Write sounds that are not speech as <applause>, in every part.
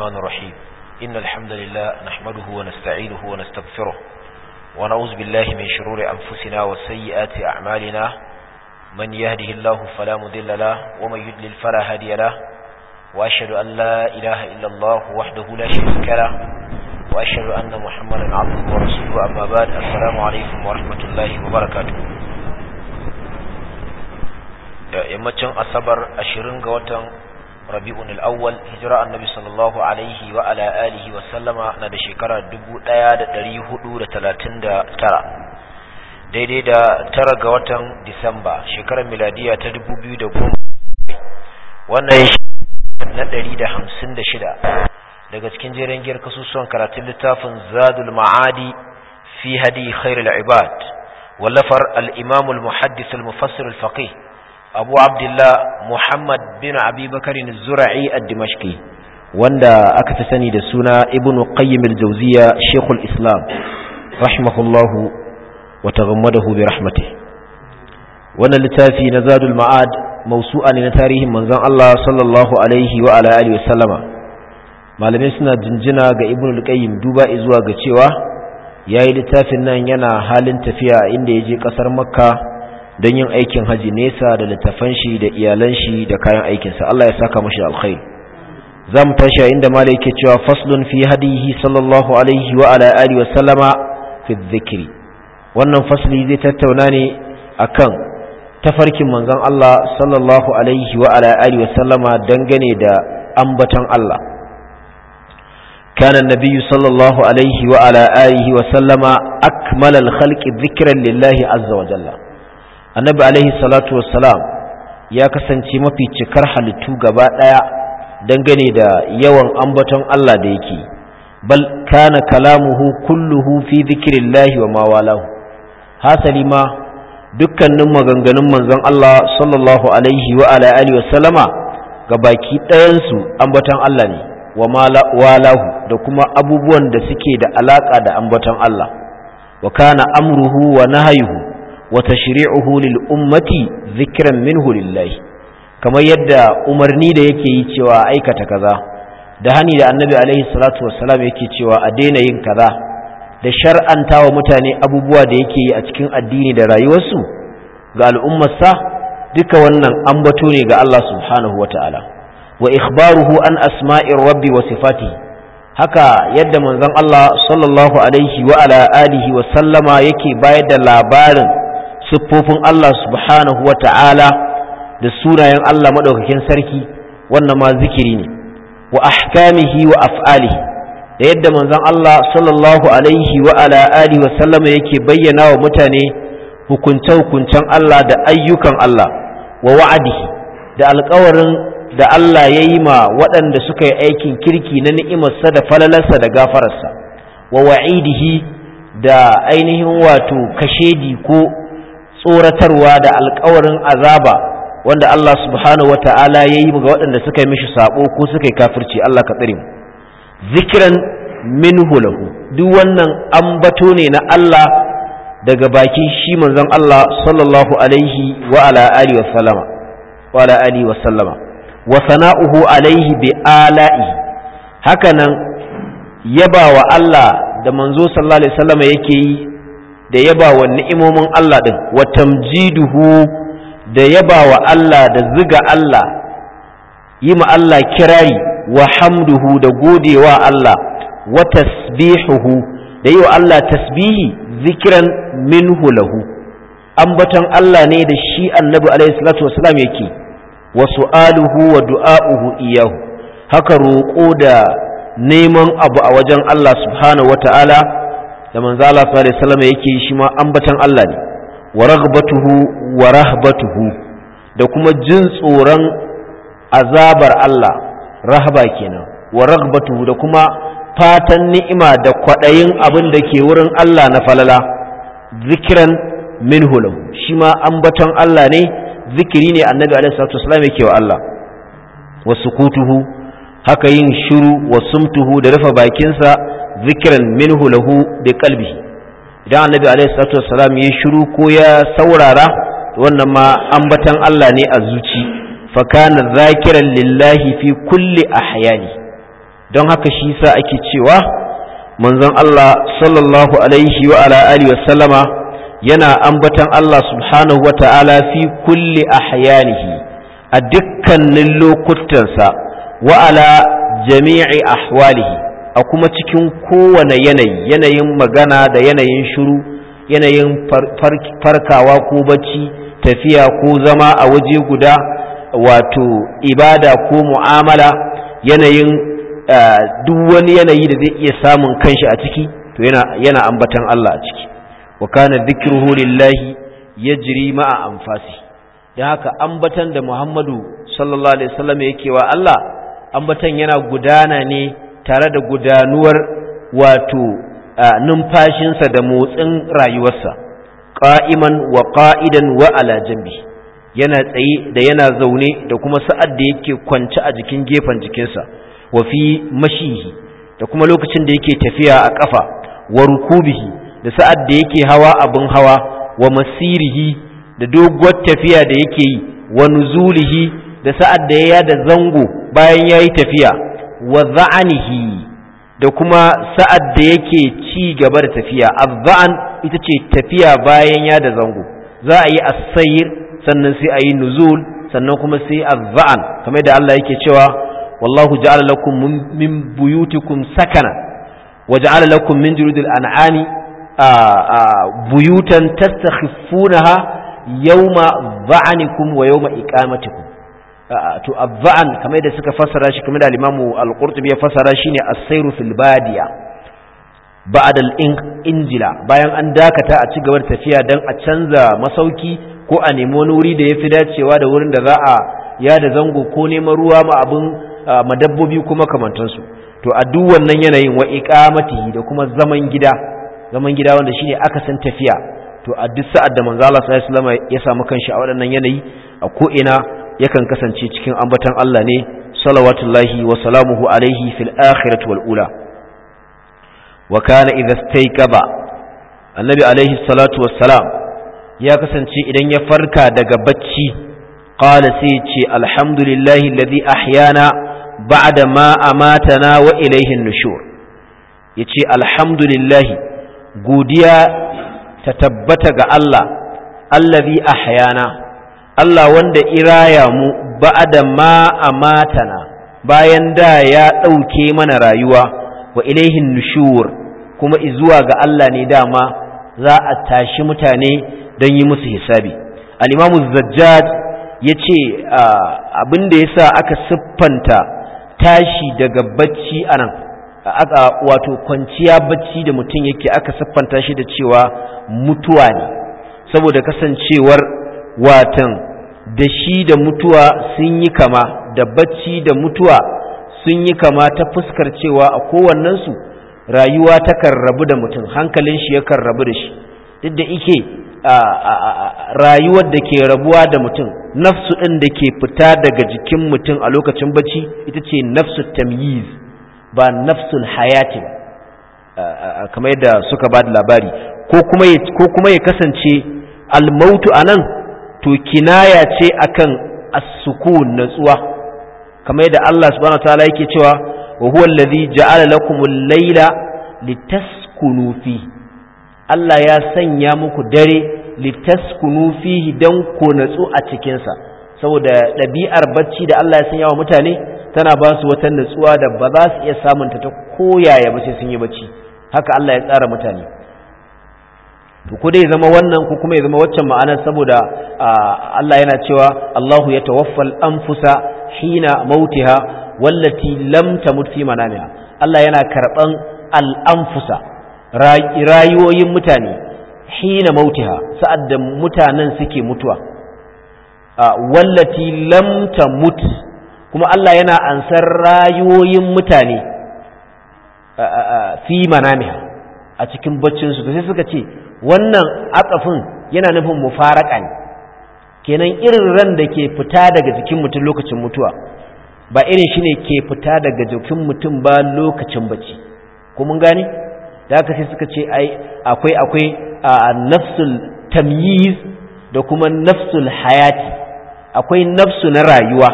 الرحمن الرحيم إن الحمد لله نحمده ونستعينه ونستغفره ونعوذ بالله من شرور أنفسنا وسيئات أعمالنا من يهده الله فلا مذل له ومن يدلل فلا هادي له وأشهد أن لا إله إلا الله وحده لا شريك له وأشهد أن محمدا عبده ورسوله أما بعد السلام عليكم ورحمة الله وبركاته يمتن أصبر أشرين قوة rabi'un al-awwal hijira annabi sallallahu alaihi wa ala alihi wa sallama na da shekara 1439 daidai da tara ga watan disamba shekarar miladiya ta 2010 wannan na 156 daga cikin jerin giyar kasusuwan karatun littafin zadul ma'adi fi hadi khairul ibad wallafar al muhaddis al-mufassir al-faqih abu abdullah muhammad bin abi zura'i a dimashki wanda aka fi sani da suna ibn qayyim al-jawziya shekul islam rahimahullahu wa taghammadahu bi rahmati wannan littafi na zadul ma'ad mawsu'a ne na tarihin manzon Allah sallallahu alaihi wa ala alihi wa sallama malamai suna jinjina ga ibn al-qayyim duba zuwa ga cewa yayi littafin nan yana halin tafiya inda yaje kasar makka don yin aikin haji nesa da littafan shi da iyalan shi da kayan aikinsa Allah ya saka mashi alkhairi za mu tashi a inda malai ke cewa faslun fi hadihi sallallahu alaihi wa ala alihi wa sallama fi dhikri wannan fasli zai tattauna ne akan tafarkin manzon Allah sallallahu alaihi wa ala alihi wa sallama dangane da ambaton Allah كان النبي صلى الله wa sallama, آله وسلم أكمل الخلق Lillahi Azza wa jalla. annabi alaihi salatu wassalam ya kasance mafi cikar halittu gaba ɗaya dangane da yawan ambaton Allah da yake bal kana kalamuhu kulluhu fi zikrillahi wa mawalahu hasali ma dukkanin maganganun manzon Allah sallallahu alaihi wa ala alihi wasallama ga baki ɗayansu ambaton Allah ne wa walahu da kuma abubuwan da suke da alaka da ambaton Allah wa kana amruhu wa nahyuhu Wata tashri'uhu lil ummati zikran minhu lillahi kamar yadda umarni da yake yi cewa aikata kaza da hani da annabi alaihi salatu wassalam yake cewa a daina yin kaza da shar'anta wa mutane abubuwa da yake yi a cikin addini da rayuwarsu ga al'ummarsa duka wannan an bato ne ga Allah subhanahu ta'ala. wa ikhbaruhu an asma'ir rabbi wa sifatihi haka yadda manzon Allah sallallahu alaihi wa ala alihi wa sallama yake bayar da labarin siffofin Allah subhanahu wa ta'ala da sunayen Allah maɗaukakin sarki wannan ma zikiri ne wa ahkamihi wa af'alihi da yadda manzon Allah sallallahu alaihi wa ala alihi wa sallama yake bayyana wa mutane hukunce-hukuncen Allah da ayyukan Allah wa wa'adihi da alkawarin da Allah ya yi ma waɗanda suka yi aikin kirki na ni'imarsa da falalarsa da gafararsa wa wa'idihi da ainihin wato kashedi ko tsoratarwa da alkawarin azaba wanda Allah subhanahu wa ta'ala ya yi ga waɗanda suka yi mishi sabo ko suka yi kafirci Allah ka tsare mu zikiran minhu lahu duk wannan ambato ne na Allah daga bakin shi manzon Allah sallallahu alaihi wa ala alihi wa sallama wa ala alihi wa sallama wa sana'uhu alaihi bi ala'i hakanan yaba wa Allah da manzo sallallahu alaihi wasallam yake yi da yaba wa ni'imomin Allah din wa tamjiduhu da yaba wa Allah da ziga Allah yi ma Allah kirari wa hamduhu da godewa Allah wa tasbihuhu da yi wa Allah tasbihi zikiran minhu lahu ambaton Allah ne da shi annabi alaihi salatu wasalam yake wa su'aluhu wa du'a'uhu iyahu haka roƙo da neman abu a wajen Allah subhanahu wata'ala da manzo Allah sallallahu alaihi wasallam yake shi ma ambatan Allah ne wa raghbatuhu wa rahbatuhu da kuma jin tsoron azabar Allah rahba kenan wa raghbatuhu da kuma fatan ni'ima da kwadayin abin da ke wurin Allah na falala zikiran minhu lahu shi ma ambaton Allah ne zikiri ne annabi alaihi salatu wasallam yake wa Allah wa sukutuhu haka yin shiru wa sumtuhu da rufe bakinsa zikiran minhu lahu bi qalbihi idan annabi alaihi salatu wassalam ya shiru ko ya saurara wannan ma ambatan Allah ne a zuci fa kana zakiran lillahi fi kulli ahyani don haka shi sa ake cewa manzon Allah sallallahu alaihi wa ala alihi wa sallama yana ambatan Allah subhanahu wa ta'ala fi kulli ahyanihi a dukkanin lokutansa wa ala jami'i ahwalihi a kuma cikin kowane yanayi yanayin magana da yanayin shiru yanayin farkawa ko bacci tafiya ko zama a waje guda wato ibada ko mu'amala yanayin duk wani yanayi da zai iya samun kanshi a ciki to yana ambatan Allah a ciki wa kana dhikruhu lillahi yajri ma'a anfasi dan haka ambatan da Muhammadu sallallahu alaihi wasallam yake wa Allah ambatan yana gudana ne tare da gudanuwar wato numfashinsa da motsin rayuwarsa ƙa'iman wa ƙa'idan wa ala yana tsaye da yana zaune da kuma sa'ad da yake kwance a jikin gefen jikinsa wa fi mashihi da kuma lokacin da yake tafiya a ƙafa wa rukubihi da sa'ad da yake hawa abin hawa wa masirihi da doguwar tafiya da yake yi wa nuzulihi da sa'ad da ya yada zango bayan ya yi tafiya wa za'anihi da kuma sa'ad da yake ci gaba da tafiya azza'an ita ce tafiya bayan ya da zango za a yi asayir sannan sai a yi nuzul sannan kuma sai azza'an kamar da Allah yake cewa wallahu ja'ala lakum min buyutikum sakana wa ja'ala lakum min jurudil an'ami buyutan tastakhifunaha yawma za'anikum wa yawma iqamatikum to abba'an kamar da suka fassara shi kamar da al imam al-qurtubi ya fassara shi as-sayru fil badiya ba'da al-injila bayan an dakata a ci gaba da tafiya dan a canza masauki ko a nemi wani wuri da yafi dacewa da wurin da za a ya da zango ko neman ruwa ma abin madabbobi kuma kamantansu to a duk wannan yanayin wa iqamatihi da kuma zaman gida zaman gida wanda shine san tafiya to a duk sa'ad da manzo Allah sallallahu alaihi wasallam ya samu kanshi a waɗannan yanayi a ko ina yakan kasance cikin ambatan Allah ne salawatullahi wa salamuhu alaihi fil akhirati wal ula wa kana annabi alaihi salatu wassalam ya kasance idan ya farka daga bacci qala sai ce alhamdulillahi alladhi ahyana ba'da ma amatana wa ilaihi nushur yace alhamdulillahi godiya ta tabbata ga Allah allazi ahyana Allah wanda iraya mu da ma amatana bayan da ya ɗauke mana rayuwa wa ilaihin nushur kuma izuwa ga Allah ne dama za a tashi mutane don yi musu hisabi al-imamu zajjad ya ce abin da ya sa aka siffanta tashi daga bacci a nan wato kwanciya bacci da mutum yake aka siffanta shi da cewa mutuwa ne saboda kasancewar watan da shi da mutuwa sun yi kama da bacci da mutuwa sun yi kama ta fuskar cewa a kowannensu rayuwa takan rabu da mutum hankalin shi yakan rabu da shi duk da ike rayuwar da ke rabuwa da mutum nafsu ɗin da ke fita daga jikin mutum a lokacin bacci ita ce nafsu tamyiz ba nafsun hayati kamar yadda suka ba da labari ko kuma ya kasance almautu a nan to kinaya ce akan as-sukun natsuwa kamar yadda Allah subhanahu wataala yake cewa wa huwa allazi ja'ala lakumul layla litaskunu fi Allah ya sanya muku dare litaskunu fihi dan ku natsu a cikin sa saboda dabi'ar bacci da Allah ya sanya wa mutane tana ba su wata natsuwa da ba za su iya samunta ta koyaya ba sai sun yi bacci haka Allah ya tsara mutane to ko dai zama wannan ko kuma ya zama waccan ma'anar saboda Allah yana cewa Allahu ya tawaffal anfusa hina mautiha wallati lam tamut fi manamiha Allah yana karban al-anfusa rayuwoyin mutane hina mautiha sa'ad da mutanen suke mutuwa wallati lam tamut kuma Allah yana ansar rayuwoyin mutane fi manamiha a cikin baccinsu sai suka ce wannan atsafin yana nufin mufaraka ne kenan irin ran da ke fita daga jikin mutum lokacin mutuwa ba irin shine ke fita daga jikin mutum ba lokacin bacci ko mun gane da haka sai suka ce ai akwai akwai nafsul tamyiz da kuma nafsul hayati akwai nafsu na rayuwa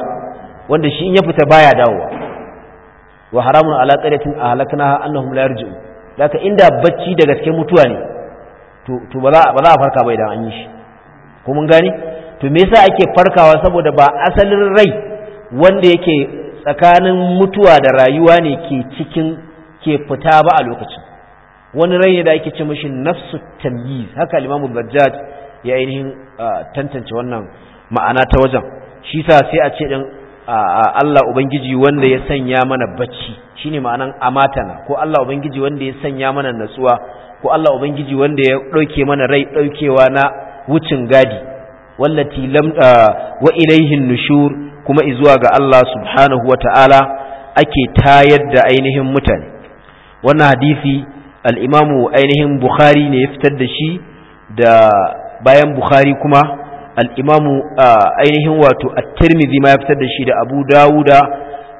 wanda shi in ya fita baya dawowa wa haramun ala qaryatin ahlaknaha annahum la yarji'u da inda bacci daga cikin mutuwa ne to ba za a farka ba idan an yi shi ko mun gane to me yasa ake farkawa saboda ba asalin rai wanda yake tsakanin mutuwa da rayuwa ne ke cikin ke fita ba a lokacin wani rai ne da ake ce mashi nafsu tamyiz haka al-imamu bajjaj ya ainihin tantance wannan ma'ana ta wajen shi sa sai a ce dan Allah ubangiji wanda ya sanya mana bacci shine ma'anan amatana ko Allah ubangiji wanda ya sanya mana natsuwa ko Allah ubangiji wanda ya ɗauke mana rai ɗaukewa na wucin gadi wallati lam ah, wa ilaihin nushur kuma izuwa ga Allah subhanahu wa ta'ala ake tayar da ainihin mutane wannan hadisi al ainihin bukhari ne ya fitar da shi da bayan bukhari kuma al ah, ainihin wato at-tirmidhi ma ya fitar da shi da abu dawuda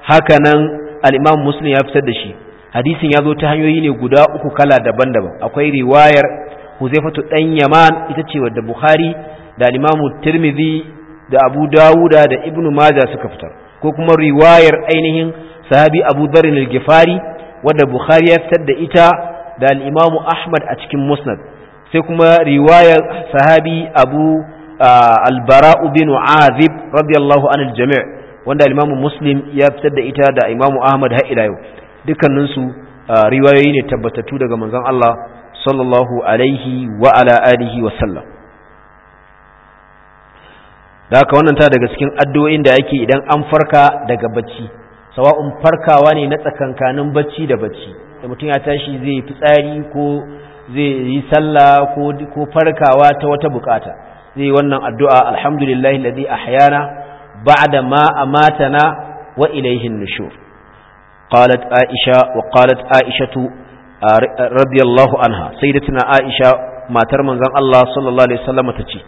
haka nan, imamu muslim ya fitar da shi hadisin ya zo ta hanyoyi ne guda uku kala daban-daban akwai riwayar huzaifatu dan yaman ita ce wadda bukhari da imamu tirmidhi da abu dawuda da ibnu maja suka fitar ko kuma riwayar ainihin sahabi abu dharin al-gifari wadda bukhari ya fitar da ita da al-imamu ahmad a cikin musnad sai kuma riwayar sahabi abu al bin azib radiyallahu anil jami' wanda al-imamu muslim ya fitar da ita da imamu ahmad har ila yau dukkaninsu riwayoyi ne tabbatatu daga manzon Allah sallallahu alaihi wa ala alihi wa sallam da ka wannan ta daga cikin addu'o'in da ake idan an farka daga bacci sawa'un farkawa ne na tsakankanin bacci da bacci da mutum ya tashi zai fitsari ko zai yi sallah ko farkawa ta wata bukata zai wannan addu'a alhamdulillahi alladhi ahyana ba'da ma amatana wa ilayhin nushur قالت عائشة وقالت عائشة رضي الله عنها سيدتنا عائشة ما ترمن زن الله صلى الله عليه وسلم تجي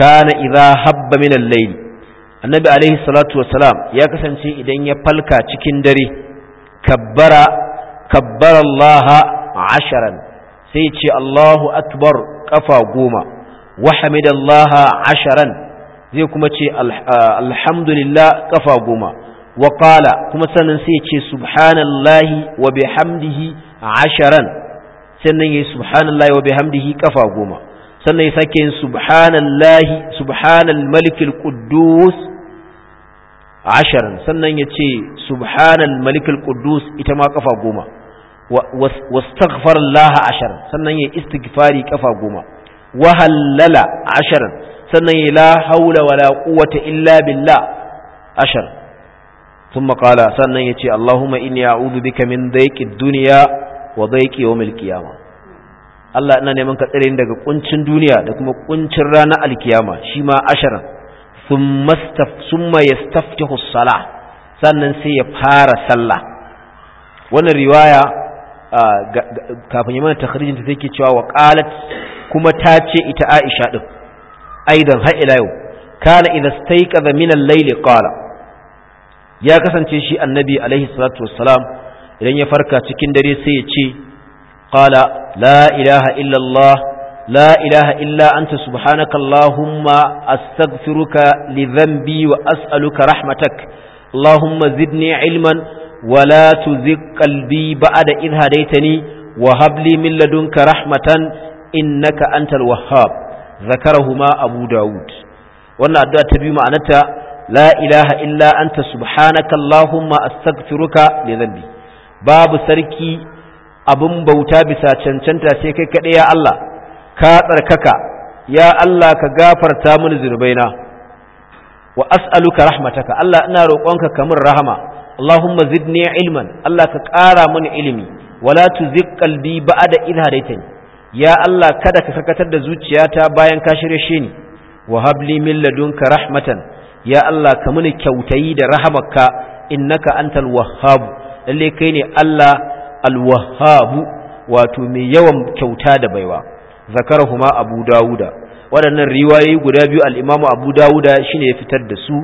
كان إذا هب من الليل النبي عليه الصلاة والسلام يا كسنتي إذن يبلك تكندري كبر كبر الله عشرا سيتي الله أكبر كفى قوما وحمد الله عشرا زي كما الحمد لله كفى قوما wa kuma sannan sai ya ce subhanallahi wa bihamdihi asharan sannan yayi subhanallahi wa bihamdihi kafa goma sannan ya sake yin subhanallahi subhanal malikil asharan sannan ya ce ita ma kafa goma واستغفر الله عشرا sannan ya istighfari kafa goma wa hallala asharan sannan ya la haula wala quwwata illa billah ashar ثم قال سنة inni اللهم إني أعوذ بك من ضيق الدنيا وضيق يوم القيامة Allah ina neman ka tsare daga kuncin duniya da kuma kuncin ranar alkiyama shi ma asharan summa yastaftihu salah sannan sai ya fara sallah wannan riwaya kafin ya mana takhrijin ta take cewa wa qalat kuma ta ce ita Aisha din aidan har ila yau kana idza stayqadha min al-layl qala ya kasance shi annabi alaihi salatu wassalam idan ya farka cikin dare sai ya ce qala la ilaha illa allah la ilaha illa anta subhanaka allahumma astaghfiruka li dhanbi wa as'aluka rahmatak allahumma zidni ilman wa la tuzigh qalbi ba'da idh hadaytani wa hab li min ladunka rahmatan innaka antal wahhab zakarahuma abu daud wannan addu'a ta biyu ma'anarta la ilaha illa anta subhanaka allahumma astaghfiruka li dhanbi babu sarki abin bauta bisa cancanta sai kai kaɗai ya Allah ka tsarkaka ya Allah ka gafarta mini zunubaina wa as'aluka rahmataka Allah ina roƙonka kamar rahama Allahumma zidni ilman Allah ka ƙara mun ilimi wala tuzigh qalbi ba'da idh hadaytani ya Allah kada ka kakatar da zuciyata bayan ka shirye ni wa habli min ladunka rahmatan ya Allah ka muni kyautayi da rahamarka innaka antal wahhab lalle kai ne Allah al wahhab wato mai yawan kyauta da baiwa zakarahuma abu dauda waɗannan riwayoyi guda biyu al imamu abu dauda shine ya fitar da su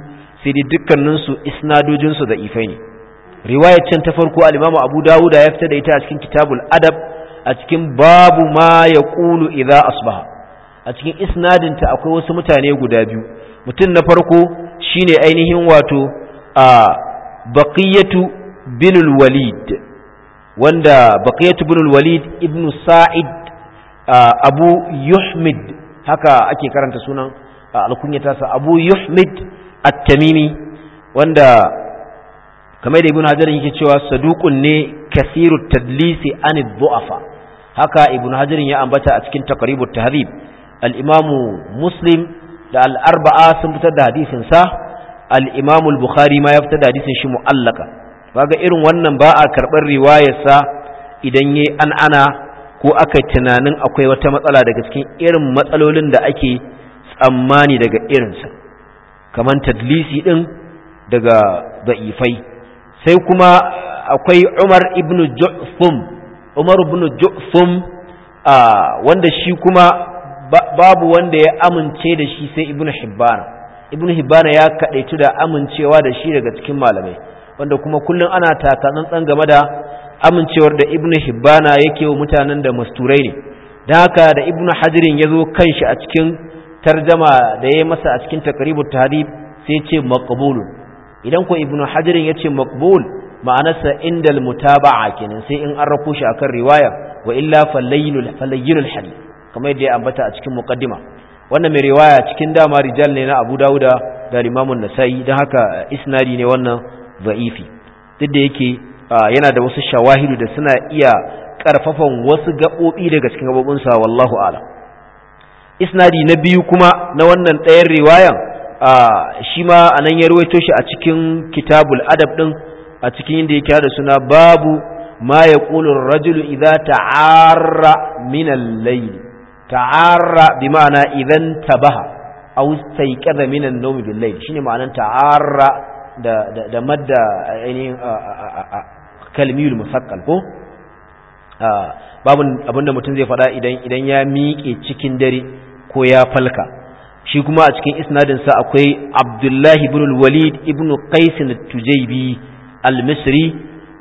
sai dai dukkanin su isnadojin su da ifai ne riwayar can ta farko al imamu abu dauda ya fitar da ita a cikin kitabul adab a cikin babu ma yaqulu idza asbaha a cikin isnadinta akwai wasu mutane guda biyu mutum na farko shine ainihin wato a baqiyatu bin walid wanda baqiyatu binul walid ibn sa'id abu yuhmid haka ake karanta sunan alkunyata abu yuhmid at-tamimi wanda kamar da ibn hajar yake cewa saduqun ne kasiru tadlisi anid du'afa haka ibn hajar ya ambata a cikin taqribut tahrib al-imamu muslim da al-arba'a sun fitar da hadisin sa al-imam bukhari ma ya fitar da hadisin shi mu'allaka kaga irin wannan ba a karɓar riwayar sa idan yayi an ana ko aka tunanin akwai wata matsala daga cikin irin matsalolin da ake tsammani daga irinsa kamar tadlisi din daga da'ifai sai kuma akwai umar ibn ju'fum umar ibn ju'fum wanda shi kuma babu wanda ya amince da shi sai ibnu hibban ibn hibban ya kadaitu da amincewa da shi daga cikin malamai wanda kuma kullum ana takatsantsan game da amincewar da ibnu hibbana yake wa mutanen da masturai ne da haka da ibnu hajirin ya zo kanshi a cikin tarjama da ya masa a cikin takribu tahdib sai ya ce maqbul idan ko ibnu hajirin ya ce maqbul ma'anarsa indal mutaba'a kenan sai in an rako shi akan riwaya wa illa falayyinul falayyinul hadith kamar yadda ya ambata a cikin muqaddima wannan mai riwaya cikin dama rijal ne na Abu Dawuda da Imam nasai dan haka isnadi ne wannan za'ifi duk da yake yana da wasu shawahidu da suna iya karfafan wasu gabobi daga cikin gabobin sa wallahu a'lam isnadi na biyu kuma na wannan ɗayan riwayan shi ma anan ya ruwaito shi a cikin kitabul adab din a cikin inda yake da suna babu ma yaqulu ar-rajulu idza ta'arra min al-layl ta'arra bi ma'ana idan tabaha aw staiqadha min an-nawm bil layl shine ma'anan ta'arra da da madda ainihin kalmiyul musaqqal ko babun abinda mutum zai faɗa idan idan ya miƙe cikin dare ko ya falka shi kuma a cikin isnadin sa akwai Abdullahi ibn al-Walid ibn Qais al-Tujaybi al-Misri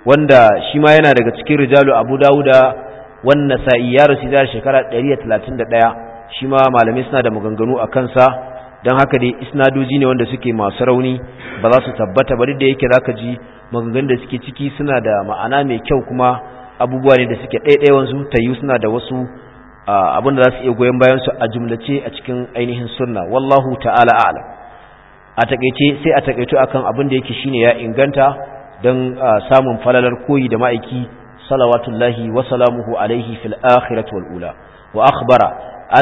wanda shi ma yana daga cikin rijalu Abu Dauda. Wannan sa'i ya rasu da shekara 131 shi ma malamai suna da maganganu a kansa don haka dai isnadoji ne wanda suke masu rauni ba za su tabbata ba duk da yake za ka ji maganganu da suke ciki suna da ma'ana mai kyau kuma abubuwa ne da suke wanzu ta yi suna da wasu abin da za su iya goyon bayansu a jumlace a cikin ainihin sunna wallahu ta'ala a'ala a takaice sai a takaito akan abin da yake shine ya inganta don samun falalar koyi da ma'aiki صلوات الله وسلامه عليه في الآخرة والأولى وأخبر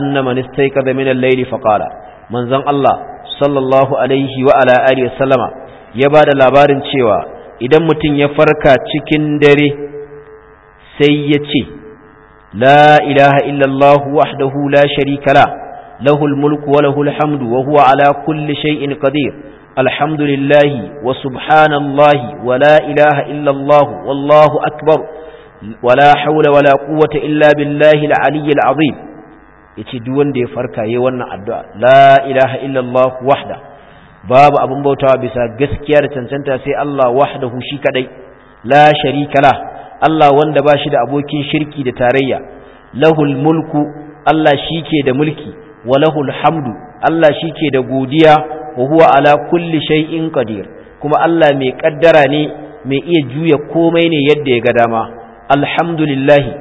أن من استيقظ من الليل فقال من زن الله صلى الله عليه وعلى آله وسلم يباد لابار cewa idan mutum ya farka cikin dare sai ya ce la ilaha illallah wahdahu la sharika la lahul mulku wa lahul hamdu wa huwa ala kulli shay'in qadir alhamdulillahi wa subhanallahi wa la ilaha illallah wallahu akbar wala haula wala quwwata illa billahi al-ali al-azim yace duk ya farka yayin wannan addu'a la ilaha illa Allah wahda babu abin bautawa bisa gaskiya da cancanta sai Allah wahdahu shi kadai la sharika la Allah wanda ba shi da abokin shirki da tarayya lahul mulku Allah shi ke da mulki wa lahul hamdu Allah shi ke da godiya wa ala kulli shay'in qadir kuma Allah mai ƙaddara ne mai iya juya komai ne yadda ya ga dama alhamdulillahi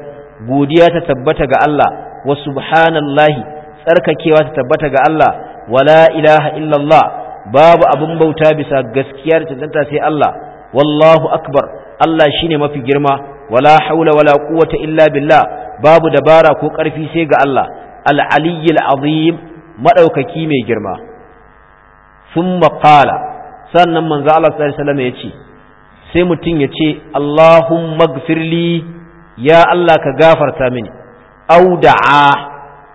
godiya ta tabbata ga Allah wa subhanallahi tsarkakewa ta tabbata ga Allah wala ilaha illallah babu abin bauta bisa gaskiyar cancanta sai Allah wallahu akbar Allah shine mafi girma wala haula wala quwwata illa billah babu dabara ko karfi sai ga Allah al-aliyyil azim madaukaki mai girma thumma qala sannan manzo Allah sallallahu alaihi wasallam ya ce sai mutum ya ce Allahumma gfirli ya Allah ka gafarta mini au da'a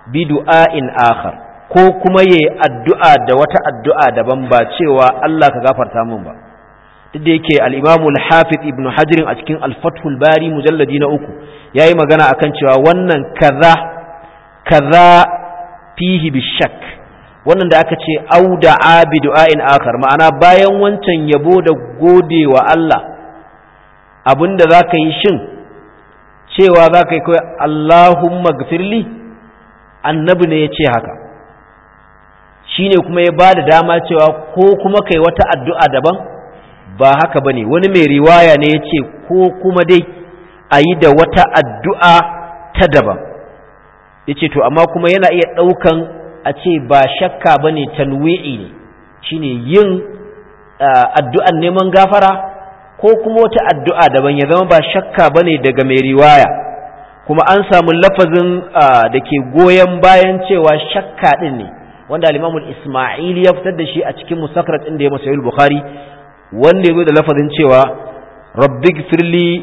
bi du'ain akhar ko kuma yayi addu'a da wata addu'a daban ba cewa Allah ka gafarta min ba duk da yake al-Imam al-Hafiz Ibn Hajar a cikin al-Fath bari mujalladi na uku yayi magana akan cewa wannan kaza kaza fihi bishak wannan da aka ce auda abi du'ain akar, ma'ana bayan wancan yabo da gode wa Allah abinda za ka yi shin cewa za ka yi kawai Allahumma gafirli annabi ne ya ce haka shi ne kuma ya ba da dama cewa ko kuma kai wata addu'a daban ba haka ba ne wani mai riwaya ne ya ce ko kuma dai a yi da wata addu'a ta daban ya ce to amma kuma yana iya ɗaukan a ce ba shakka ba ne talwi'i ne shine yin addu'an neman gafara ko kuma wata addu'a daban ya zama ba shakka ba ne daga mai riwaya kuma an samu lafazin da ke goyon bayan cewa shakka ɗin ne wanda alimamul Isma'il ya fitar da shi a cikin ɗin da ya masayi bukhari wanda ya zo da lafazin cewa rabbi firli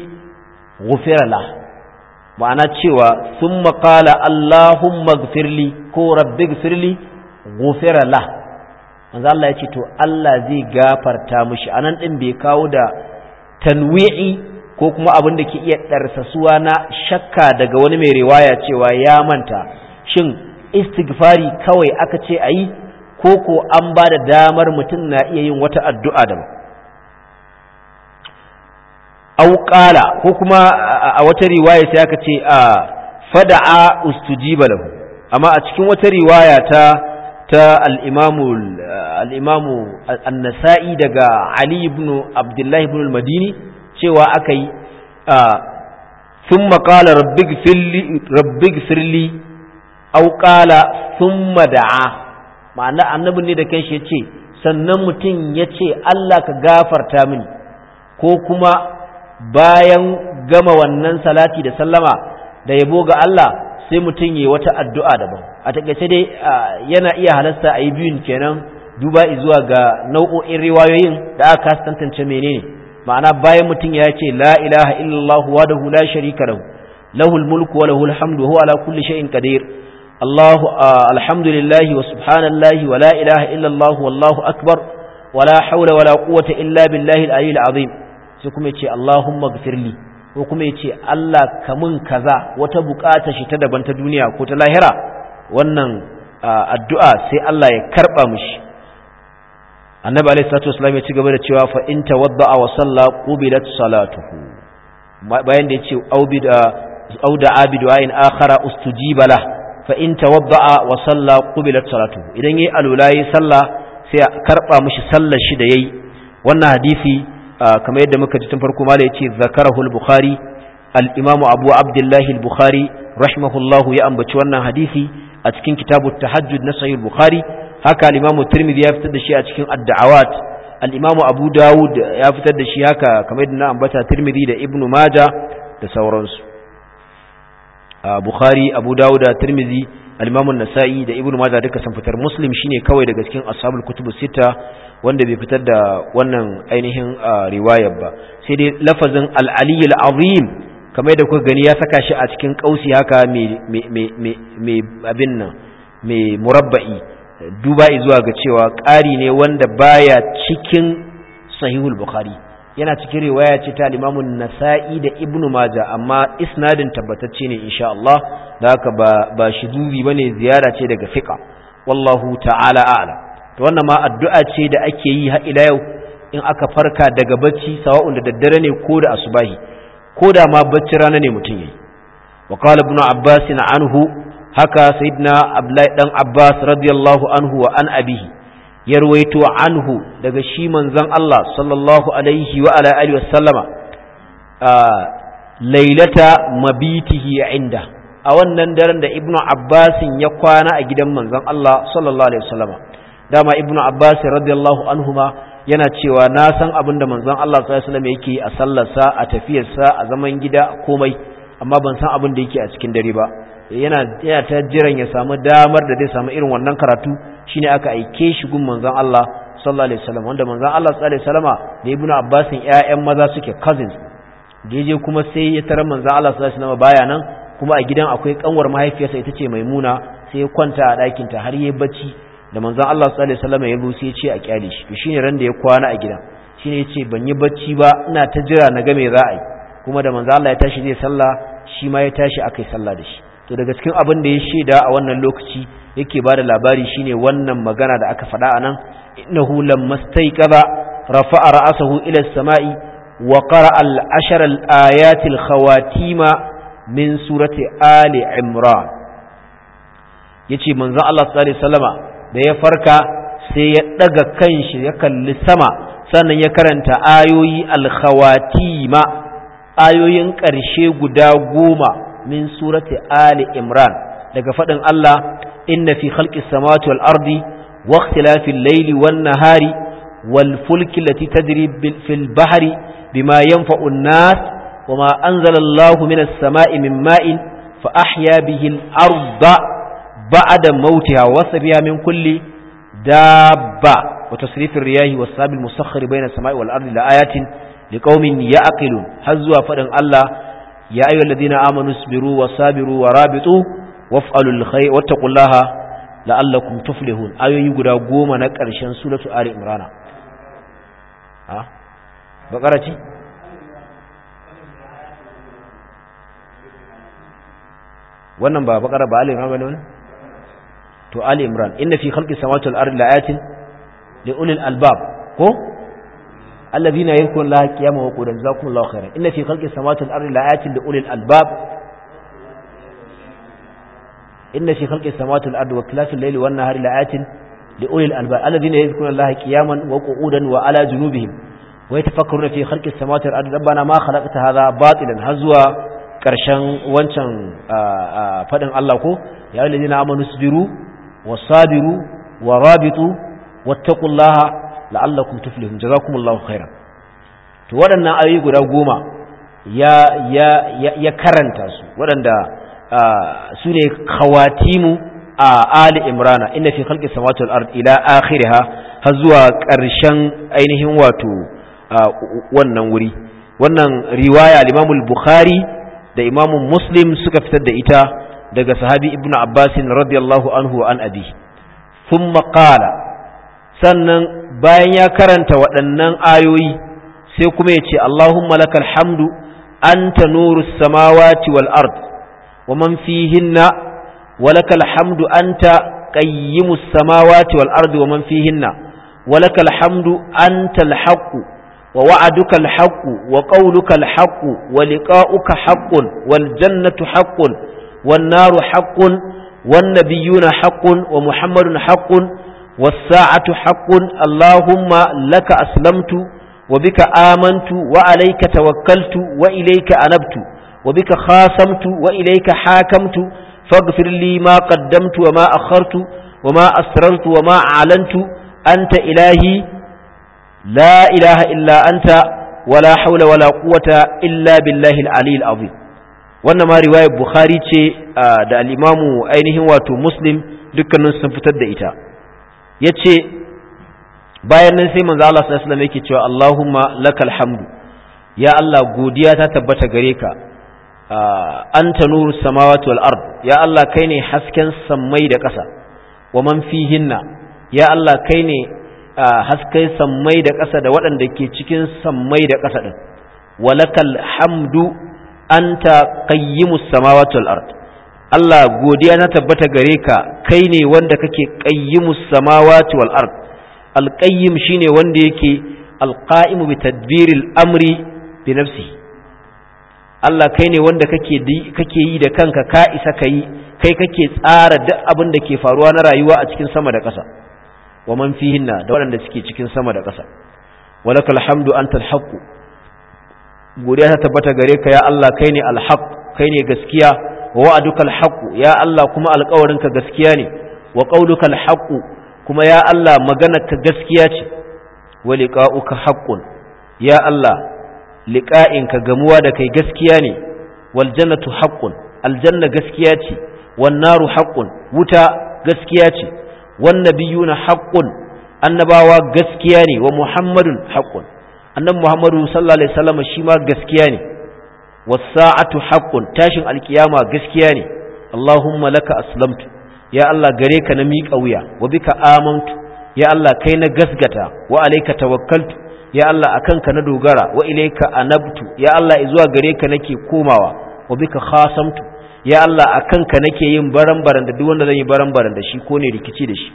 gufirala ma'ana cewa sun maƙala Allahumma gfirli ko rabbi gfirli gufira la manzo Allah ya ce to Allah zai gafarta mushi anan ɗin bai kawo da tanwi'i ko kuma abin da ke iya ɗarsasuwa na shakka daga wani mai riwaya cewa ya manta shin istighfari kawai aka ce a yi ko ko an ba da damar mutum na iya yin wata addu'a da daban qala ko kuma a wata riwaya sai aka ce a fada'a ustujiba lahu amma a cikin wata riwaya ta ta al-imamu al-imamu an-nasa'i daga ali ibn abdullah ibn al-madini cewa aka yi thumma qala rabbig firli aw qala thumma da'a ma'ana annabi ne da kanshi yace sannan mutum yace Allah ka gafarta mini ko kuma bayan gama wannan salati da sallama da yabo ga Allah sai mutum yi wata addu'a daban a takaice dai yana iya halasta a yi biyun kenan duba zuwa ga nau'o'in riwayoyin da aka kasa tantance menene ma'ana bayan mutum ya ce la ilaha illallah wahdahu la sharika lahu lahul mulku wa lahul hamdu huwa ala kulli shay'in qadir الله الحمد لله وسبحان الله ولا إله إلا الله والله أكبر ولا حول ولا قوة إلا بالله العلي العظيم sai kuma yace Allahumma gfirli ko kuma yace Allah kamun kaza wata bukata shi ta daban ta duniya ko ta lahira wannan addu'a sai Allah ya karba mishi annabi alaihi salatu wasallam ya ci gaba da cewa fa in tawadda'a wa salla qubilat salatuhu bayan da yace aubid auda abidu ayin akhara ustujiba lah fa in tawadda'a wa salla qubilat salatuhu idan yayi alula yayi sai a karba mishi sallar shi da yayi wannan hadisi Ah, kamar yadda muka ji tun farko mala ya zakarahu al-bukhari al-imamu abu abdullahi al-bukhari rahimahullahu ya ambaci wannan hadisi a cikin kitabu tahajjud na sahih bukhari haka al-imamu tirmidhi ya fitar da shi a cikin ad-da'awat al-imamu abu dawud ya fitar da shi haka kamar yadda na ambata tirmidhi da ibnu maja da sauransu ah, bukhari abu dawud da tirmidhi al-imamu nasai da ibnu maja duka sun fitar muslim shine kawai daga cikin ashabul kutubus sita wanda bai fitar da wannan ainihin riwayar ba sai dai lafazin al-aliyyul azim kamar da kuka gani ya saka shi a cikin ƙausi haka mai abin nan mai murabba'i duba zuwa ga cewa ƙari ne wanda baya cikin sahihul bukhari yana cikin riwaya ce ta limamun nasa'i da ibnu maja amma isnadin tabbatacce ne insha Allah da haka ba ba shi dubi bane ziyara ce daga fiqa wallahu ta'ala a'lam to wannan ma addu'a ce da ake yi har ila yau in aka farka daga bacci sawa'un da daddare ne ko da asubahi ko da ma bacci rana ne mutum yayi wa qala ibnu abbas na anhu haka sayyidina abdullahi dan abbas radiyallahu anhu wa an abihi ya anhu daga shi manzon Allah sallallahu alaihi wa ala alihi wasallama sallama lailata mabitihi inda a wannan daren da ibnu abbas ya kwana a gidan manzon Allah sallallahu alaihi wasallama dama ibnu abbas radiyallahu ma yana cewa na san abin da manzon Allah sallallahu alaihi wasallam yake a sallarsa a tafiyarsa a zaman gida komai amma ban san abin da yake a cikin dare ba yana yana ta jiran ya samu damar da zai samu irin wannan karatu shine aka aike shi gun manzon Allah sallallahu alaihi wasallam wanda manzon Allah sallallahu alaihi wasallama da ibnu abbas ƴaƴan maza suke cousins da kuma sai ya tarar manzon Allah sallallahu alaihi wasallama baya nan kuma a gidan akwai kanwar mahaifiyarsa ita ce maimuna sai ya kwanta a ɗakinta har yayi bacci da manzan Allah sallallahu alaihi ya rusi ya ce a kyale shi to shine ran da ya kwana a gidan shine yace ban yi bacci ba ina ta jira na ga me za a yi kuma da manzan Allah ya tashi zai sallah shi ma ya tashi akai sallah da shi to daga cikin abin da ya shaida a wannan lokaci yake bada labari shine wannan magana da aka faɗa a nan na hulan rafa'a ra'sahu ila a samai wa qara'a sama'i ashara al-ayati al-khawatima min surati ali imran yace manzon Allah sallallahu alaihi wasallama da ya farka sai ya daga kanshi ya kalli sama sannan ya karanta ayoyi alkhawatima ayoyin ƙarshe guda goma min surati ali imran daga faɗin Allah inna fi khalqis samawati wal ardi wa ikhtilafil layli wan nahari wal fulki lati tajri fil bahri bima yanfa'u an-nas wama anzala Allahu minas sama'i min ma'in fa ahya bihi al ba'da mautiha wasbiya min kulli ba wa tasrifir riyahi was-sabil musakhkhir bayna samai wal ardi la ayatin liqaumin ya'qilun har zuwa fadin Allah ya ayyuhalladhina amanu isbiru wasabiru warabitu waf'alul khayr wattaqullaha la'allakum tuflihun ayoyi guda goma na ƙarshen suratu ali ce wannan ba bakara ba ali imrana bane wannan to ali imran inna fi khalqi samawati wal ardi laayatin li ulil albab ko alladhina yadhkuruna allaha qiyaman wa qu'udan jazakumullahu khairan inna fi khalqi samawati wal ardi laayatin li ulil albab inna fi khalqi samawati wal ardi wa ikhtilafil layli wan nahari laayatin li ulil albab alladhina yadhkuruna allaha qiyaman wa qu'udan wa ala junubihim wa yatafakkaruna fi khalqi samawati wal ardi rabbana ma khalaqta hadha batilan hazwa karshen wancan ah, ah, faɗin Allah ko ya ayyuhallazina amanu sabiru wasabiru wa rabitu wattaqullaha la'allakum tuflihun jazakumullahu khairan to waɗannan ayoyi guda goma ya ya ya karanta su waɗanda su ne khawatimu a ali imrana inna fi khalqi samawati wal ard ila akhiriha har zuwa ƙarshen ainihin wato wannan wuri wannan riwaya al-Imam al-Bukhari da Imam Muslim suka fitar da ita daga sahabi ibn Abbas radiyallahu anhu an abi thumma qala sannan bayan ya karanta waɗannan ayoyi sai kuma ya ce Allahumma lakal hamdu anta nurus samawati wal ard wa man fihinna wa lakal hamdu anta qayyimus samawati wal ard wa man fihinna wa lakal hamdu wa haqqu ووعدك الحق wa الحق ولقاؤك wal jannatu حق wannaru naru haqqun wan nabiyuna haqqun wa muhammadun haqqun was sa'atu haqqun allahumma laka aslamtu wa bika amantu wa alayka tawakkaltu wa ilayka anabtu wa bika khasamtu wa ilayka hakamtu faghfir li ma qaddamtu wa ma akhartu wa ma asrartu wa ma alantu anta ilahi لا إله إلا أنت ولا حول ولا قوة إلا بالله العلي العظيم wannan ma riwayar bukhari ce da al'imamu ainihin wato muslim dukkanin sun fitar da ita ya ce bayan nan sai manzo Allah sallallahu alaihi yake cewa Allahumma lakal hamdu ya Allah godiya ta tabbata gare ka anta nuru samawati wal ard ya Allah kai ne hasken sammai da ƙasa wa man fihinna ya Allah kai ne hasken sammai da ƙasa da waɗanda ke cikin sammai da ƙasa din walakal hamdu anta qayyimus samawati wal ard Allah godiya na tabbata gare ka kai ne wanda kake qayyimus samawati wal ard qayyim shine wanda yake qa'imu bi tadbiril amri bi nafsi Allah kai ne wanda kake kake yi da kanka ka isa kai kai kake tsara duk abin da ke faruwa na rayuwa a cikin sama da ƙasa wa man fihinna da waɗanda suke cikin sama da ƙasa walakal hamdu antal haqqu godiya ta tabbata gare ka ya Allah kai ne alhaq kai ne gaskiya wa wa'aduka alhaq ya Allah kuma alƙawarinka gaskiya ne wa qauluka alhaq kuma ya Allah maganarka gaskiya ce wa liqa'uka haqqun ya Allah liqa'inka gamuwa da kai gaskiya ne wal jannatu haqqun aljanna gaskiya ce wan naru haqqun wuta gaskiya ce wan nabiyuna haqqun annabawa gaskiya ne wa muhammadun haqqun annan muhammadu sallallahu alaihi wasallam shi ma gaskiya ne wasa'atu haqqun tashin alkiyama gaskiya ne allahumma laka aslamtu ya allah gare ka na miƙa wuya wa bika amantu ya allah kai na gasgata wa alayka tawakkaltu ya allah akan ka na dogara wa ilayka anabtu ya allah zuwa gare ka nake komawa wa bika khasamtu ya allah akan ka nake yin baran-baran da duk wanda zan yi baran-baran da shi ko ne rikici da shi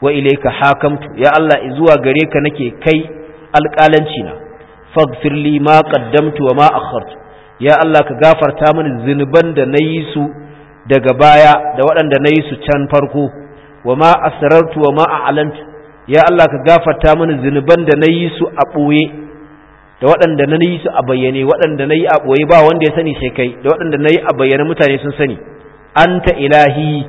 wa ilayka hakamtu ya allah zuwa gare ka nake kai alƙalanci na faghfir li ma qaddamtu wa ma akhartu ya Allah ka gafarta mini zinuban da nayi su daga baya da waɗanda nayi su can farko wa ma asrartu wa ma a'lantu ya Allah ka gafarta mini zinuban da nayi su a boye da waɗanda na yi su a bayyane waɗanda na yi a ɓoye ba wanda ya sani sai kai da waɗanda na yi a bayyane mutane sun sani anta ilahi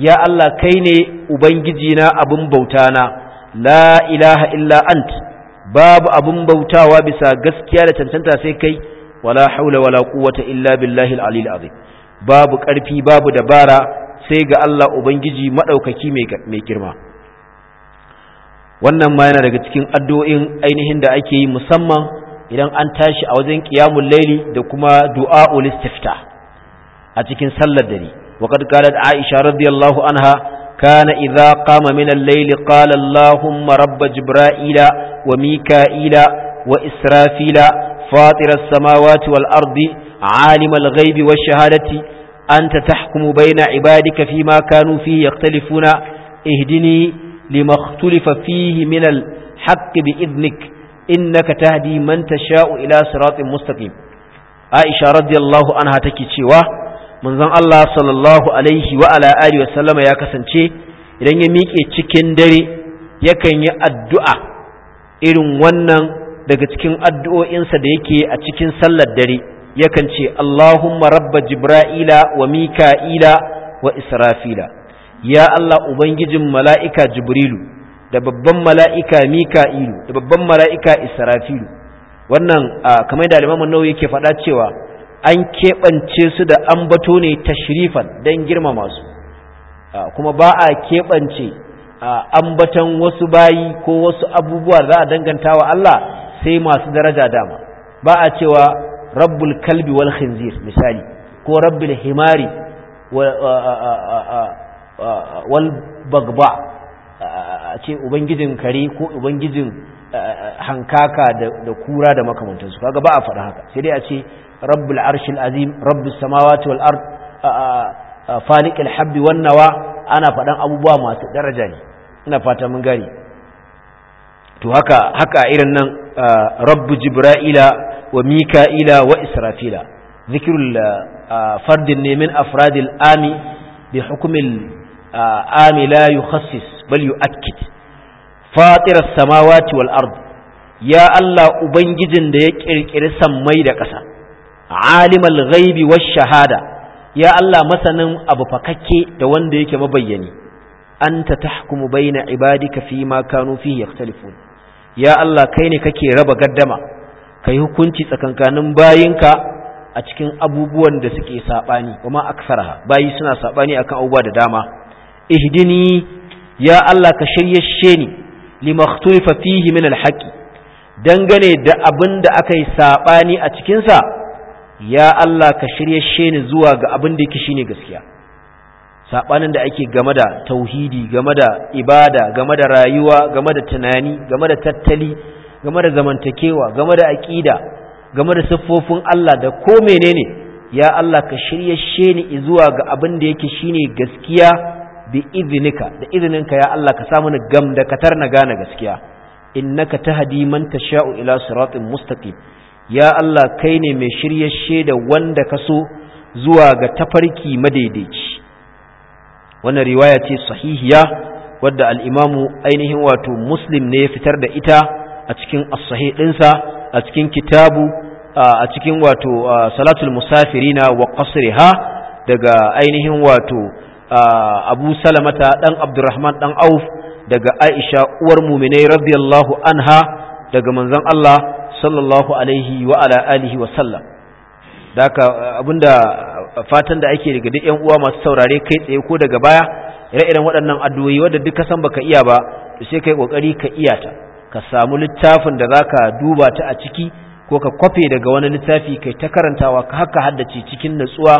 ya Allah kai ne ubangijina abin bautana la ilaha illa ant babu abun bautawa bisa gaskiya da cancanta sai kai wala haula wala quwwata illa billahi al-ali azim babu ƙarfi babu dabara sai ga Allah ubangiji madaukaki mai girma wannan ma yana daga cikin addu'o'in ainihin da ake yi musamman idan an tashi a wajen qiyamul laili da kuma du'a ul istifta a cikin sallar dare وقد قالت Aisha radiyallahu anha. كان إذا قام من الليل قال اللهم رب جبرائيل وميكائيل وإسرافيل فاطر السماوات والأرض عالم الغيب والشهادة أنت تحكم بين عبادك فيما كانوا فيه يختلفون اهدني لما اختلف فيه من الحق بإذنك إنك تهدي من تشاء إلى صراط مستقيم عائشة رضي الله عنها تكي تشيوه manzon Allah sallallahu alaihi wa ala alihi wa sallama ya kasance idan ya miƙe cikin dare yakan yi addu'a irin wannan daga cikin addu'o'insa da yake a cikin sallar dare yakan ce Allahumma rabba Jibra'ila wa Mika'ila wa Israfila ya Allah ubangijin mala'ika Jibrilu da babban mala'ika Mika'ilu da babban mala'ika Israfilu wannan kamar da limamin nau'i yake faɗa cewa an keɓance su da ambato ne tashrifan don girmama su kuma ba a keɓance ambatan wasu bayi ko wasu abubuwa za a danganta wa Allah sai masu daraja dama ba a cewa rabbul kalbi wal khinzir misali ko rabbul himari wal bagba a ce ubangijin kare ko ubangijin hankaka da kura da makamantansu kaga ba a faɗa haka sai dai a ce rabbul arshil azim rabbus samawati wal ard faliqil habbi nawa ana faɗan abubuwa masu daraja ne ina fata mun gane to haka haka irin nan rabbu jibra'ila wa mika'ila wa israfila zikrul fardin ne min afradil ami bi hukumil ami la yukhassis bal yu'akkid fatiras samawati wal ard ya Allah ubangijin da ya kirkiri sammai da ƙasa alimal ghaibi shahada ya Allah masanin abu fakakke da wanda yake mabayyani anta tahkumu baina ibadika fi ma kanu fihi yakhtalifun ya Allah kai ne kake raba gaddama kai hukunci tsakankanin bayinka a cikin abubuwan da suke sabani kuma aksaraha bayi suna sabani akan abubuwa da dama ihdini ya Allah ka shiryashe ni limakhtulifa fihi min alhaqi dangane da abin da aka yi sabani a cikinsa ya Allah ka shirye ni zuwa ga abin da yake shine gaskiya sabanin da ake game da tauhidi game da ibada game da rayuwa game da tunani game da tattali game da zamantakewa game da aqida game da siffofin Allah da ko menene ya Allah ka shirye ni zuwa ga abin da yake shine gaskiya bi izinika da izininka ya Allah ka sa ni gam da katar na gane gaskiya innaka tahdi man tasha'u ila siratin mustaqim ya Allah kai ne mai shiryashe shaida wanda ka so zuwa ga tafarki madaidaici wannan riwaya ce sahihiya wadda al'imamu ainihin wato muslim ne ya fitar da ita a cikin asahi ɗinsa a cikin kitabu a cikin wato salatul musafirina wa ha, daga ainihin wato abu salamata ɗan abdurrahman ɗan auf daga aisha uwar muminai radiyallahu anha daga manzon Allah sallallahu alaihi wa ala alihi wa sallam da abinda fatan da ake daga duk yan uwa masu saurare kai tsaye ko daga baya ire-iren waɗannan addu'o'i wanda duk ka san baka iya ba to sai kai kokari ka iya ta ka samu littafin da zaka duba ta a ciki ko ka kwafe daga wani littafi kai ta karantawa ka haka haddace cikin natsuwa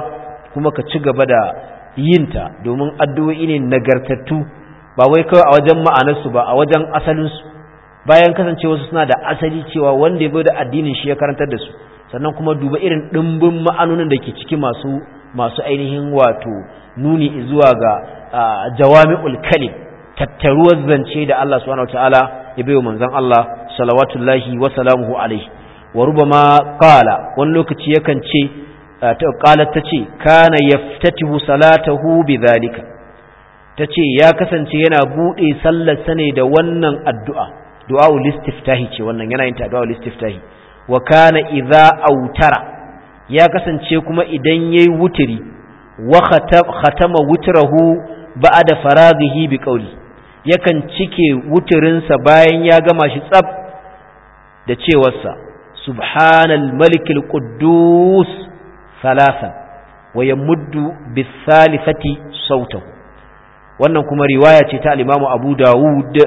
kuma ka ci gaba da yin ta domin addu'o'i ne nagartattu ba wai kawai a wajen ma'anarsu ba a wajen asalinsu bayan kasancewa su suna da asali cewa wanda ya zo da addinin shi ya karantar da su sannan kuma duba irin ɗimbin ma'anonin da ke ciki masu masu ainihin wato nuni zuwa ga jawami'ul kalim tattaruwar zance da Allah subhanahu wataala ya wa manzon Allah salawatullahi wa salamuhu alaihi wa rubama qala wani lokaci yakan ce ta ce, kana yaftatihu salatahu bidhalika ce ya kasance yana buɗe sallar sane da wannan addu'a du'a listiftahi ce wannan yana yin ta listiftahi wa kana idza autara ya kasance kuma idan yayi wutiri wa khatama wutrahu ba'da faradihi bi qawli yakan cike wutirinsa bayan ya gama shi tsab da cewarsa subhanal malikil quddus thalathan wa yamuddu bis salifati wannan kuma riwaya ce ta al-imamu abu dawud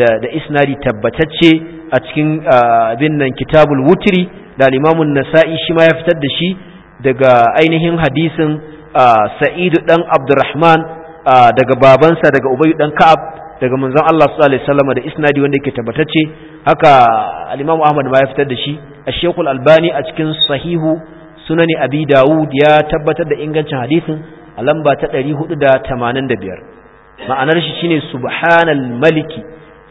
da da isnadi tabbatacce a cikin abin nan kitabul wutri da limamun nasa'i shi ma ya fitar da shi daga ainihin hadisin sa'idu dan abdurrahman daga babansa daga ubayu dan ka'ab daga manzon Allah sallallahu alaihi wasallam da isnadi wanda yake tabbatacce haka al imam ahmad ma ya fitar da shi ash-shaykh al-albani a cikin sahihu sunani abi dawud ya tabbatar da ingancin hadisin a lamba ta 485 ma'anar shi shine subhanal maliki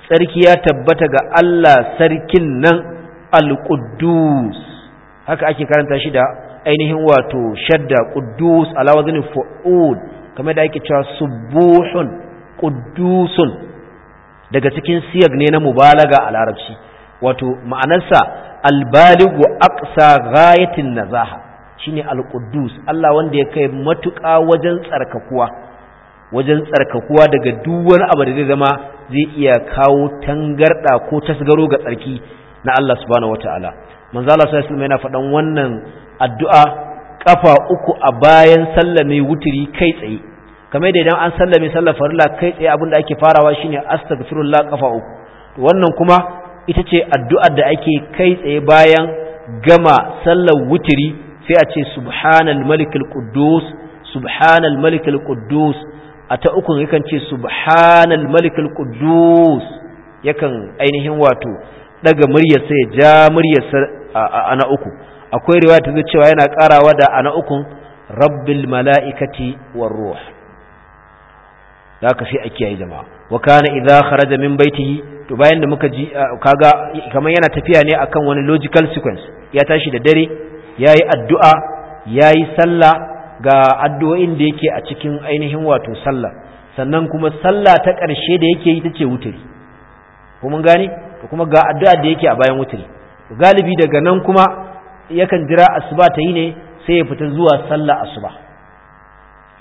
tsarki ya tabbata ga Allah sarkin nan al-quddus haka ake karanta shi da ainihin wato shadda quddus ala wazni fu'ud kamar da ake cewa subuhun quddusun daga cikin siyag ne na mubalaga a larabci wato ma'anarsa albaligu aqsa ghayatin nazaha shine al-quddus Allah wanda ya kai matuƙa wajen tsarkakuwa wajen tsarkakuwa daga duk wani abu da zai zama zai iya kawo tangarda ko tasgaro ga tsarki na Allah subhanahu wataala manzo Allah sallallahu alaihi yana faɗan wannan addu'a kafa uku a bayan sallame wuturi kai tsaye kamar da idan an sallame sallar farilla kai tsaye abin da ake farawa shine astaghfirullah kafa uku wannan kuma ita ce addu'ar da ake kai tsaye bayan gama sallar wuturi sai a ce subhanal malikul quddus subhanal malikul quddus a ta uku yakan ce subhanal malikul quddus yakan ainihin wato daga muryarsa ya ja muryarsa a ana uku akwai riwaya ta cewa yana karawa da ana ukun rabbil mala'ikati war ruh da ka sai a kiyaye jama'a wa kana idza kharaja min baitihi to bayan da muka ji kaga kamar yana tafiya ne akan wani logical sequence ya tashi da dare yayi addu'a yayi sallah ga addu'o'in da yake a cikin ainihin wato sallah sannan kuma sallah ta ƙarshe da yake yi ce wuturi ko mun gane kuma ga addu'a da yake a bayan wuturi galibi daga nan kuma yakan jira asuba ta yi ne sai ya fita zuwa sallah asuba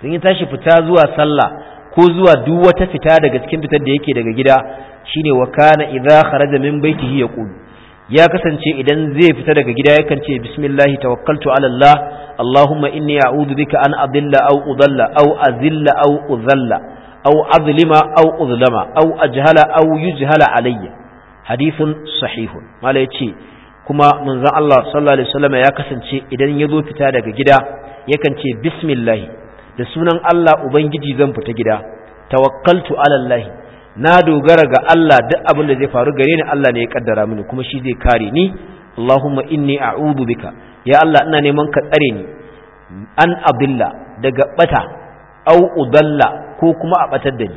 sun yi tashi fita zuwa sallah ko zuwa duk wata fita daga cikin fitar da yake daga gida shine wa kana idza kharaja min baitihi yaqulu ya kasance idan zai fita daga gida yakan ce bismillahi tawakkaltu ala Allah Allahumma inni a'udhu bika an adilla aw udalla aw azilla aw udalla aw azlima aw uzlama aw ajhala aw yujhala alayya hadithun sahihun mala yace kuma manzon Allah sallallahu alaihi wasallam ya kasance idan ya zo fita daga gida yakan ce bismillahi da sunan Allah ubangiji zan fita gida tawakkaltu ala Allah na dogara ga Allah duk abin da zai faru gare ni Allah ne ya kaddara mini kuma shi zai kare ni Allahumma inni a'udhu bika ya Allah ina neman ka tsare ni an abilla daga bata au udalla ko kuma a batar da ni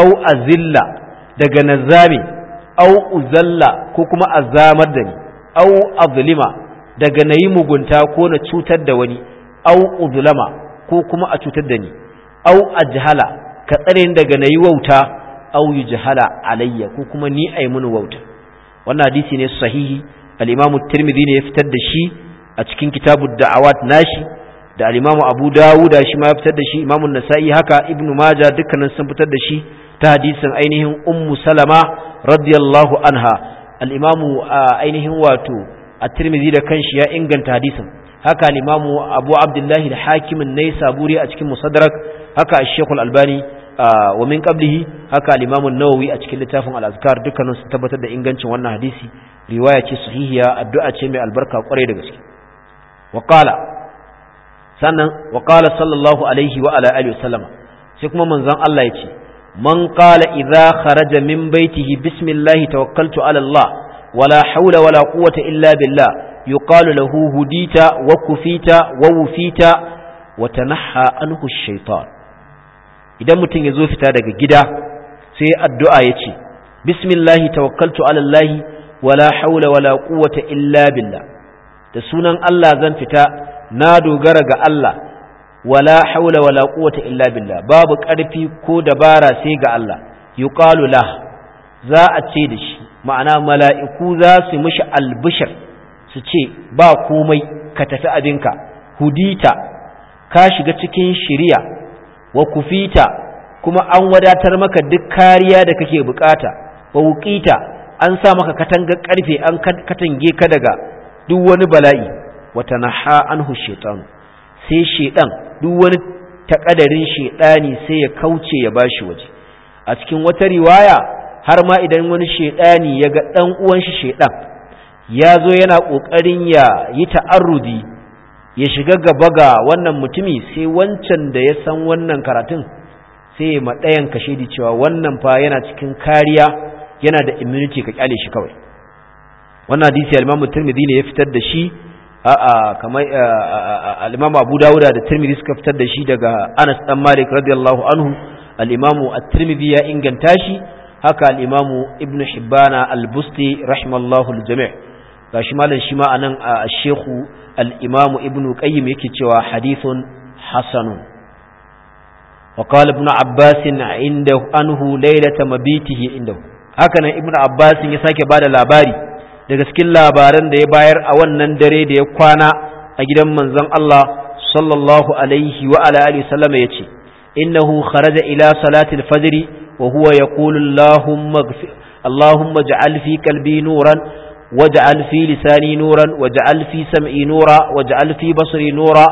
au azilla daga nazami au uzalla ko kuma azamar da ni au azlima daga nayi mugunta ko na cutar da wani au uzlama ko kuma a cutar da ni au ajhala ka tsare ni daga nayi wauta aw yujhala alayya ko kuma ni ayi mun wauta wannan hadisi ne sahihi al-imam at-tirmidhi ne ya fitar da shi a cikin kitabud da'awat nashi da al-imam abu dawud shi ma ya fitar da shi imam an-nasa'i haka ibnu maja dukkanin sun fitar da shi ta hadisin ainihin ummu salama radiyallahu anha al-imam ah, ainihin wato at-tirmidhi da kanshi ya inganta hadisin haka al-imam abu abdullahi da hakimin naysaburi a cikin musaddarak haka a shaykh al-albani wa min qablihi haka al-Imam an-Nawawi a cikin littafin al-Azkar dukkanin su tabbatar da ingancin wannan hadisi riwaya ce sahihiya addu'a ce mai albarka kwarai da gaske wa qala sannan wa qala sallallahu alaihi wa ala alihi wasallama sai kuma manzon Allah ya ce man qala idza kharaja min baitihi bismillah tawakkaltu ala Allah wala hawla wala quwwata illa billah yuqalu lahu hudita wa kufita wa wufita wa tanaha anhu ash-shaytan idan mutum ya zo fita daga gida sai addu'a ya ce bismillahi tawakkaltu alallahi wala haula wala quwwata illa billah da sunan Allah zan fita na dogara ga Allah wala haula wala quwwata illa billah babu ƙarfi ko dabara sai ga Allah yuqalu lah za a ce da shi ma'ana mala'iku za su mishi albishir su ce ba komai ka tafi abinka hudita ka shiga cikin shiriya wa kufita kuma an wadatar maka duk kariya da kake bukata wa wukita an sa maka katanga karfe an katange ka daga duk wani bala'i wa tanaha anhu shaitan sai shaiɗan duk wani takadarin shaitani sai ya kauce ya bashi waje a cikin wata riwaya har ma idan wani shaitani ya ga dan uwan shi shaitan ya zo yana kokarin ya yi ta'arrudi ya shiga gaba ga wannan mutumi sai wancan da ya san wannan karatun sai ya ɗayan kashe di cewa wannan fa yana cikin kariya yana da immunity ka kyale shi kawai wannan hadisi al-Imam Tirmidhi ne ya fitar da shi a'a kamar al-Imam Abu Dawud da Tirmidhi suka fitar da shi daga Anas dan Malik radiyallahu anhu al-Imam At-Tirmidhi ya inganta shi haka al-Imam Ibn Hibban al-Busti rahimallahu al-jami' gashi malam shi ma a shehu al-imam ibn qayyim yake cewa hadithun hasanun wa qala ibn abbas inda anhu laylata mabitihi inda haka nan ibn abbas ya sake bada labari daga cikin labaran da ya bayar a wannan dare da ya kwana a gidan manzon Allah sallallahu alaihi wa ala alihi sallama yace innahu kharaja ila salati al-fajr wa huwa yaqulu allahumma allahumma ij'al fi qalbi nuran waj'al fi lisani nuran waj'al fi sam'i nura waj'al fi basri nura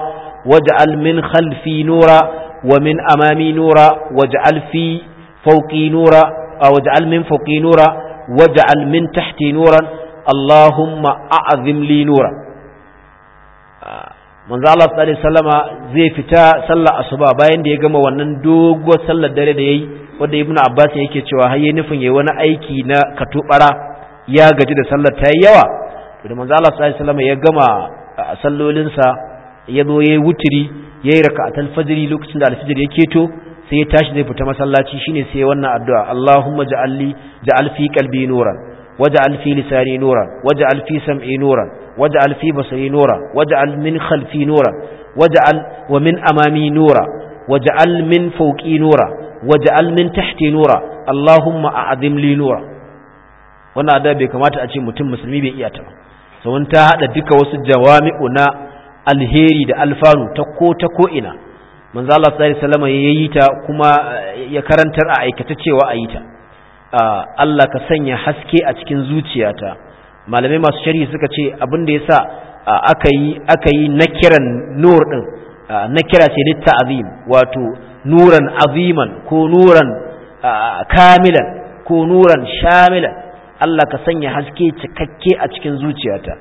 waj'al min khalfi nura wa min amami nura waj'al fi fawqi nura waj'al min fawqi nura waj'al min tahti nuran allahumma a'zim li nura manzo Allah sallallahu zai fita sallar asuba bayan da ya gama wannan doguwar sallar dare da yayi wanda ibnu abbas yake cewa har yayi nufin yayi wani aiki na katubara ya gaji da sallar ta yi yawa to da manzo Allah sallallahu alaihi ya gama sallolinsa ya zo yayi wutiri yayi raka'atul fajr lokacin da alfijir ya keto sai ya tashi zai fita masallaci shine sai wannan addu'a Allahumma ja'alli ja'al fi qalbi nuran waj'al fi lisani nuran waj'al fi sam'i nuran waj'al fi basari nuran waj'al min khalfi nuran waj'al wa min amami nura waj'al min fawqi nura waj'al min tahti nura Allahumma a'zim li nura wannan addu'a bai kamata a ce mutum musulmi bai iya ta ba saboda ta hada duka wasu jawami'u na alheri da alfanu, ta ko ta ko ina manzo Allah sallallahu alaihi wasallam yayi ta kuma eh, ya karantar a aikata cewa ayi ta Allah ka sanya haske a cikin zuciyata malamai masu sharhi suka ce abin da yasa aka yi aka yi nakiran nur din nakira ce litta azim wato nuran aziman ko nuran kamilan ko nuran shamilan Allah ka sanya haske cikakke a cikin zuciyata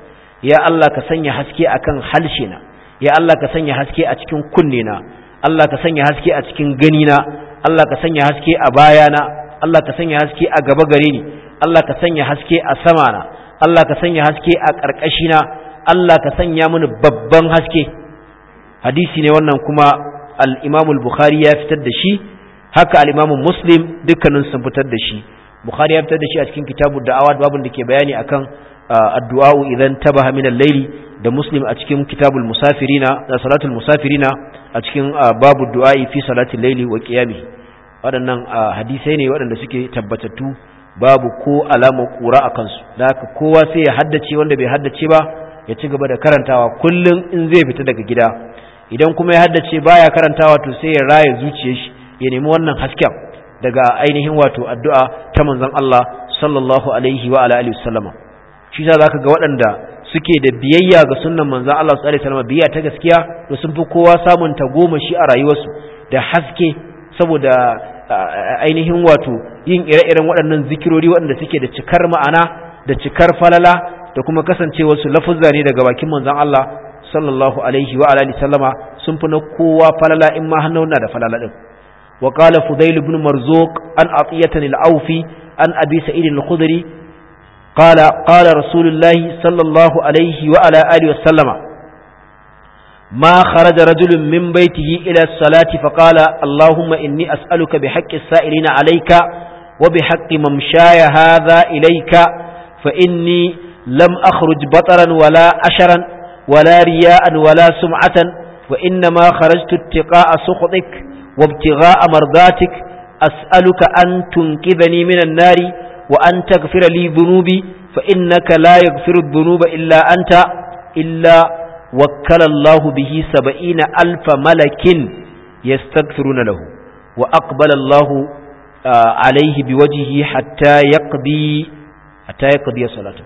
ya Allah ka sanya haske akan halshina ya Allah ka sanya haske a cikin kunnena Allah ka sanya haske a cikin ganina Allah ka sanya haske a bayana Allah ka sanya haske a gaba gare ni Allah ka sanya haske a samana Allah ka sanya haske a ƙarƙashina Allah ka sanya mini babban haske hadisi ne wannan kuma al-Imam bukhari ya fitar da shi haka al-Imam Muslim dukkanin sun fitar da shi bukhari ya fitar da shi a cikin kitabu da'awa babun da ke bayani akan addu'a idan tabaha min al-layli da muslim a cikin kitabul musafirina da salatul musafirina a cikin babu du'a'i fi salatul layli wa qiyamih waɗannan hadisai ne waɗanda suke tabbatattu babu ko alama kura a kansu da haka kowa sai ya haddace wanda bai haddace ba ya ci gaba da karantawa kullum in zai fita daga gida idan kuma ya haddace baya karantawa to sai ya raya zuciyar shi ya nemi wannan hasken daga ainihin wato addu'a ta manzon Allah sallallahu alaihi wa alihi wasallama shi za zaka ga waɗanda suke da biyayya ga sunnan manzan Allah sallallahu alaihi wasallama biyayya ta gaskiya da sun fi kowa samun ta goma shi a rayuwarsu da haske saboda ainihin wato yin ire-iren waɗannan zikirori waɗanda suke da cikar ma'ana da cikar falala da kuma kasancewar su lafuzza ne daga bakin manzon Allah sallallahu alaihi wa alihi sallama sun fi na kowa falala in ma hannu na da falala din وقال فضيل بن مرزوق عن عطية العوفي عن أبي سعيد الخضري قال قال رسول الله صلى الله عليه وعلى آله وسلم ما خرج رجل من بيته إلى الصلاة فقال اللهم إني أسألك بحق السائلين عليك وبحق ممشاي هذا إليك فإني لم أخرج بطرا ولا أشرا ولا رياء ولا سمعة وإنما خرجت اتقاء سخطك وابتغاء مرضاتك أسألك أن تنقذني من النار وأن تغفر لي ذنوبي فإنك لا يغفر الذنوب إلا أنت إلا وكل الله به سبعين ألف ملك يستغفرون له وأقبل الله عليه بوجهه حتى يقضي حتى يقضي صلاته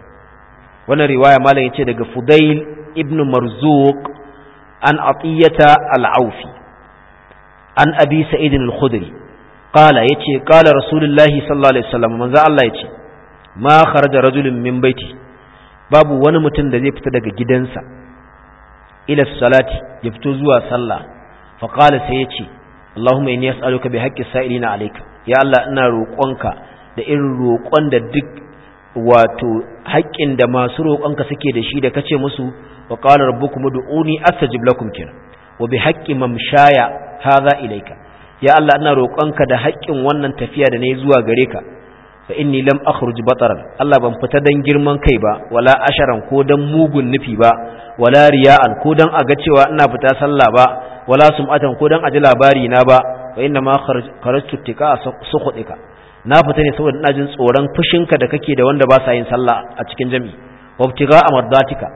وانا رواية ما لا يتدق فضيل ابن مرزوق عن عطية العوفي an abi sa'idin al-khudri qala yace qala rasulullahi sallallahu alaihi wasallam manzo Allah yace ma kharaja rajulun min baiti babu wani mutum da zai fita daga gidansa ila salati ya fito zuwa sallah fa qala sai yace Allahumma inni as'aluka bi haqqi sa'ilina alayka ya Allah ina roƙonka da irin roƙon da duk wato haƙƙin da masu roƙonka suke da shi da kace musu wa qala rabbukum ud'uni astajib lakum kenan wa bi haqqi mamshaya hadha ilayka ya Allah ina roƙonka da haƙƙin wannan tafiya da yi zuwa gare ka fa inni lam akhruj bataran Allah ban fita dan girman kai ba wala asharan ko dan mugun nufi ba wala riya'an ko dan ga cewa ina fita sallah ba wala sum'atan ko dan aji labari na ba fa inna ma kharajtu tika sukhudika na fita ne saboda ina jin tsoron fushinka da kake da wanda ba sa yin sallah a cikin jami'i wabtiga amardatika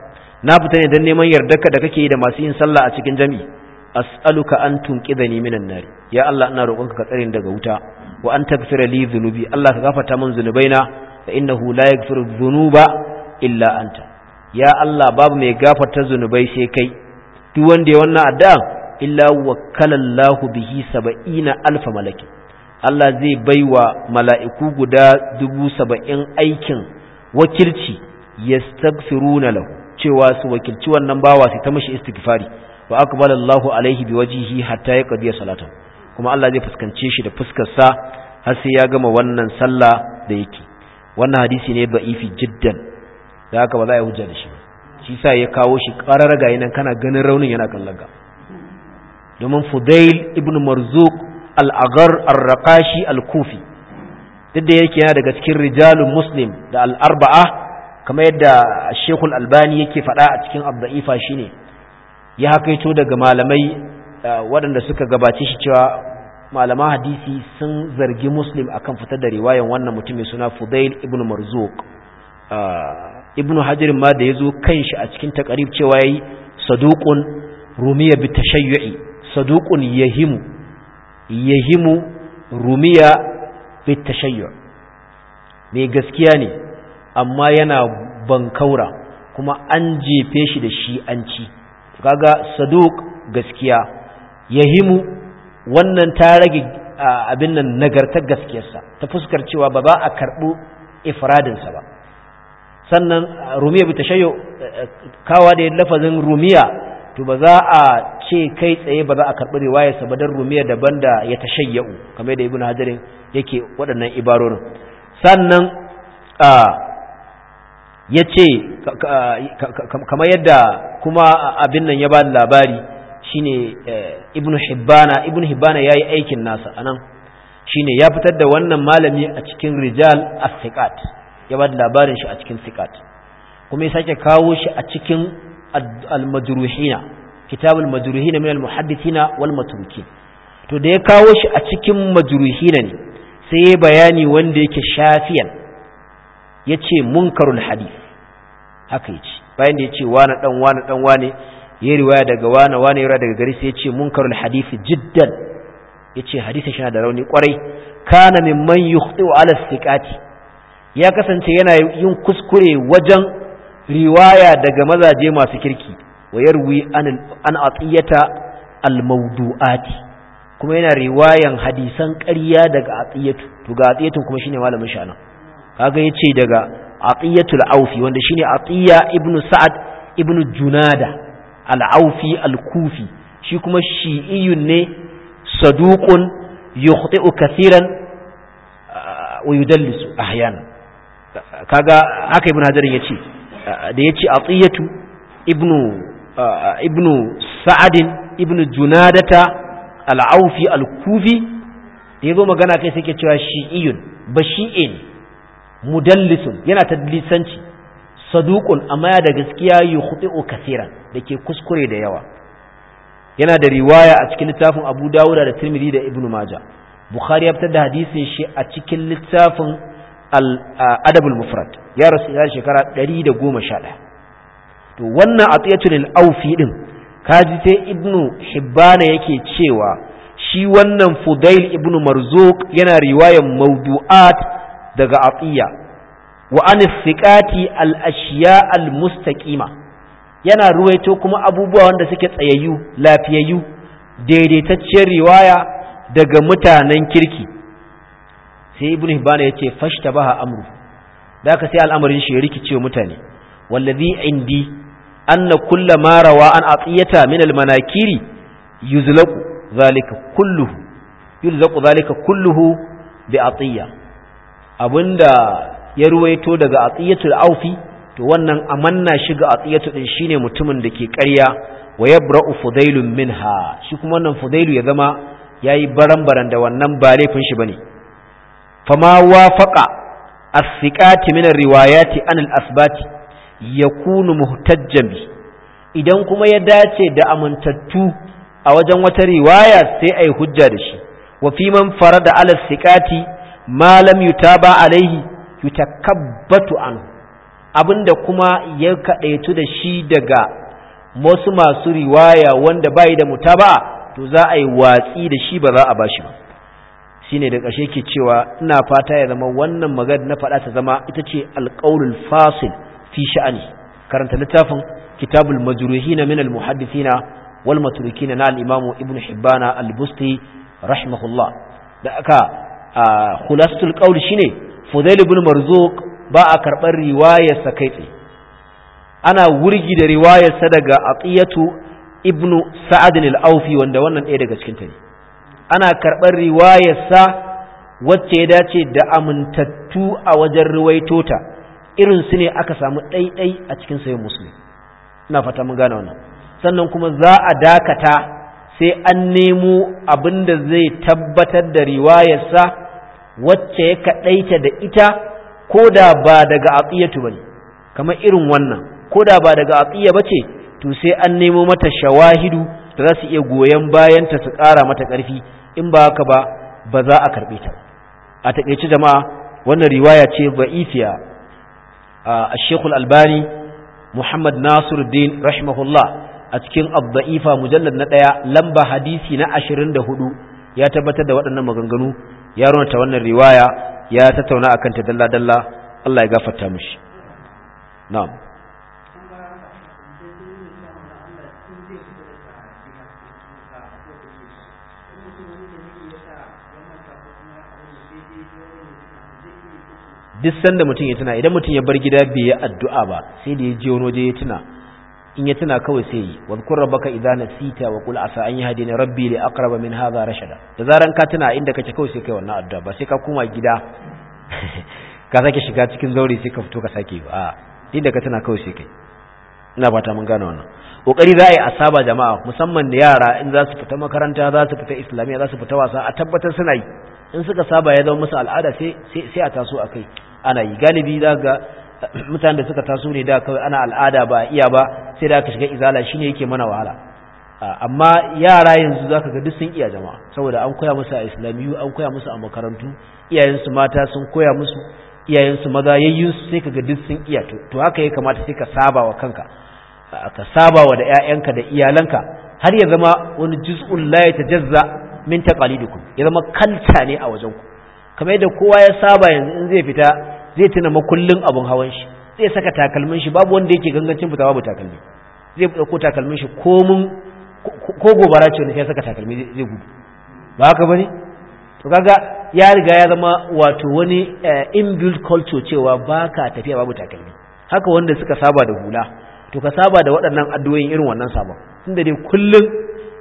na fita ne dan neman yardarka da kake da masu yin sallah a cikin jami'i as'aluka an tunqidhani minan nar ya Allah ina roƙonka ka tsare daga wuta wa an taghfira li dhunubi Allah ka gafarta min zunubaina fa innahu la yaghfiru dhunuba illa anta ya Allah babu mai gafarta zunubai sai kai duk wanda ya wannan addu'a illa wakkala Allah bihi 70 alf malaki Allah zai baiwa mala'iku guda dubu saba'in aikin wakilci yastaghfiruna lahu cewa su wakilci wannan bawa sai ta mishi istighfari fa aqbala Allahu alaihi biwajhihi hatta yaqdi salatan kuma Allah zai fuskance shi da fuskar sa har sai ya gama wannan sallah da yake wannan hadisi ne ba'ifi jiddan da haka ba za a yi hujja da shi shi sa ya kawo shi karar gayi nan kana ganin raunin yana kallon domin Fudail ibn Marzuq al-Aghar ar-Raqashi al-Kufi duk da yake yana daga cikin rijalun Muslim da al-arba'a kamar yadda shekul Albani yake faɗa a cikin Abda'ifa shine ya hakaito daga malamai eh, waɗanda suka gabace shi cewa malaman hadisi sun zargi muslim akan fitar da riwayan wannan mutum mai suna fudail ibn marzuq eh, ibn hajar ma da ya zo kanshi a cikin takarib cewa yi saduqun rumiya bi tashayyu'i saduqun yahimu yahimu rumiya bi tashayyu' mai gaskiya ne amma yana bankaura kuma an jefe shi da ci. kaga Saduk gaskiya yahimu wannan ta rage abin nan nagartar gaskiyarsa ta fuskar cewa ba ba a karbu ifradinsa ba sannan rumiya bi tashayyu kawa da lafazin rumiya to ba za a ce kai tsaye ba za a karbi riwayarsa ba don rumiya daban da ya tashayya'u kamar da ibnu hadarin yake waɗannan ibarorin sannan ya ce kamar yadda kuma abin nan ya ba labari shine eh, ibnu hibbana ibnu hibbana ya yi aikin nasa anan shine ya fitar da wannan malami a cikin rijal as-siqat ya ba labarin shi a cikin siqat kuma ya sake kawo shi a cikin al-majruhina kitab al-majruhina min al-muhaddithina wal matrukin to da ya kawo shi a cikin majruhina ne sai bayani wanda yake shafiyan yace munkarul hadith haka yace bayan da ya ce wane dan wane dan wane ya riwaya daga wane wane ya daga gari sai ya ce munkarul hadisi jiddan ya ce hadisi shi da rauni kwarai kana mimman yukhti wa ala ya kasance yana yin kuskure wajen riwaya daga mazaje masu kirki wa yarwi an atiyata al mawdu'ati kuma yana riwayan hadisan karya daga atiyatu to ga atiyatu kuma shine malamin sha'ana kaga yace daga atiyatul aufi wanda shine atiya ibnu sa'ad ibnu junada al-aufi al-kufi shi kuma shi'iyun ne saduqun yukhti'u kathiran uh, wa yudallisu ahyana kaga haka ibnu hajar yace uh, da yace atiyatu ibnu uh, ibnu sa'adin ibnu junadata al-aufi al-kufi da yazo magana kai sai ke cewa shi'iyun ba shi'e mudallisun yana ta lisanci, saduqun amma ya da gaskiya yukhti'u da ke kuskure da yawa yana da riwaya a cikin littafin Abu Dawuda, da Tirmidhi da Ibn maja Bukhari ya fitar da hadisin shi a cikin littafin Al-Adabul Mufrad ya rasu ya shekara ɗari da goma sha ɗaya to wannan a atiyatul aufi ɗin kaji sai Ibn Hibbana yake cewa shi wannan Fudail ibn Marzuq yana riwayan mawdu'at daga atiya wa an al ashiya al mustaqima yana ruwaito kuma abubuwa wanda suke tsayayyu lafiyayyu daidaitacciyar riwaya daga mutanen kirki sai ibn hibban ya ce fashtabaha amru daka ka sai al'amarin shi ya rikice mutane wallazi indi anna kulla ma rawa an atiyata min al manakiri yuzlaqu zalika kulluhu yuzlaqu zalika kulluhu bi atiya abinda ya ruwaito daga atiyatul aufi to wannan amanna shi ga atiyatu din shine mutumin da ke ƙarya wa yabra'u fudailun minha shi kuma wannan fudailu ya zama yayi baran-baran da wannan ba laifin shi bane fama wafaqa as-siqati min ar-riwayati an al-asbati yakunu muhtajjan bi idan kuma ya dace da amintattu a wajen wata riwaya sai ai hujja da shi wa fi man farada ala siqati malam yutaba alaihi yutakabbatu an abinda kuma ya kadaitu da shi daga wasu masu riwaya wanda bayi da mutaba to za a yi watsi da shi ba za a bashi ba shine da ƙarshe ke cewa ina fata ya zama wannan maganar na faɗa ta zama ita ce alƙaulul fasil fi sha'ani karanta littafin kitabul majruhin min al muhaddithin wal matrukin na al imamu ibnu hibbana al busti rahimahullah da aka A khulasatul qawl shine Fudail ibn Marzuq ba a karbar riwayar sa kai tsaye ana wurgi da riwayar sa daga Aqiyatu ibn Sa'ad al-Awfi wanda wannan ɗaya daga cikin ta ne ana karbar riwayar sa wacce ya dace da amintattu a wajen ruwaito ta irin su ne aka samu ɗaiɗai a cikin sayin musulmi ina fata mun gane wannan sannan kuma za a dakata sai an nemo abin da zai tabbatar da riwayarsa wacce ya kaɗaita da ita ko da ba daga tu bane kamar irin wannan ko da ba daga ba ce, to sai an nemo mata shawahidu da za su iya goyon bayan ta su ƙara mata ƙarfi in ba haka ba ba za a karɓe ta a taƙaice jama'a wannan riwaya ce ifiya a Sheikhul Albani Muhammad din rahimahullah a cikin Abda'ifa mujallar na ɗaya lamba hadisi na ashirin da hudu ya tabbatar da waɗannan maganganu ya ta wannan riwaya ya tattauna akan ta dalla dalla Allah ya gafarta mishi na'am duk sanda mutum ya tuna idan mutum ya bar gida bai yi addu'a ba sai da ya je wani waje ya tuna in ya tuna kawai sai yi wadhkur rabaka idza nasita wa qul asa an yahdini rabbi li aqraba min hadha rashada da zaran ka tuna inda kake kawai sai kai wannan addu'a ba sai ka koma gida <laughs> ka sake shiga cikin zauri sai ka fito ka sake ba inda ka tuna kawai sai kai ina fata mun gane wannan kokari za a yi asaba jama'a musamman da yara in za su fita makaranta za su fita islamiyya za su fita wasa a tabbatar suna yi in suka saba ya zama musu al'ada sai sai a taso akai ana yi galibi za ga mutanen da suka taso ne da kawai ana al'ada ba iya ba sai da aka shiga izala shine yake mana wahala amma yara yanzu zaka ga duk sun iya jama'a saboda an koya musu a islamiyu an koya musu a makarantu iyayensu mata sun koya musu iyayensu maza yayyun sai kaga duk sun iya to haka ya kamata sai ka saba wa kanka ka saba wa da 'ya'yanka da iyalanka har ya zama wani juz'un la yatajazza min taqalidikum ya zama kalta ne a wajenku kamar yadda kowa ya saba yanzu in zai fita zai tuna makullin abun hawan shi zai saka takalmin shi babu wanda yake gangancin fita babu takalmi zai dauko takalmin shi ko mun ko gobara ce wanda sai saka takalmi zai gudu ba haka bane to kaga ya riga ya zama wato wani eh, inbuilt culture cewa baka tafiya babu takalmi haka wanda suka saba da hula to ka saba da waɗannan addu'o'in irin wannan sabon tunda dai kullum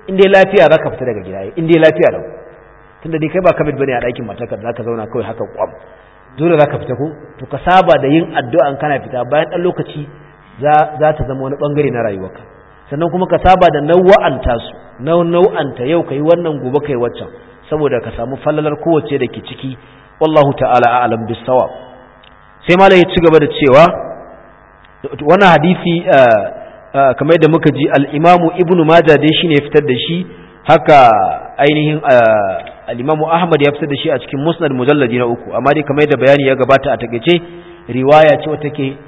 in dai lafiya zaka ka fita daga gida in dai lafiya da tunda dai kai ba kabit bane a ɗakin matakar da za ka zauna kawai haka kwam dole za ka fita ko to ka saba da yin addu'a kana fita bayan ɗan lokaci za ta zama wani ɓangare na rayuwarka sannan kuma ka saba da nau'anta su nau'anta yau ka yi wannan gobe ka yi waccan saboda ka samu fallalar kowace da ke ciki wallahu ta'ala a'lam bisawab sai malai ya ci gaba da cewa wannan hadisi eh, eh, kamar da muka ji al-imamu ibnu majah dai shine ya fitar da shi haka ainihin eh, alimamu Ahmad ya fitar da shi a cikin Musnad mujalladi na uku amma dai kamar da bayani ya gabata a takaice riwaya ce wata ke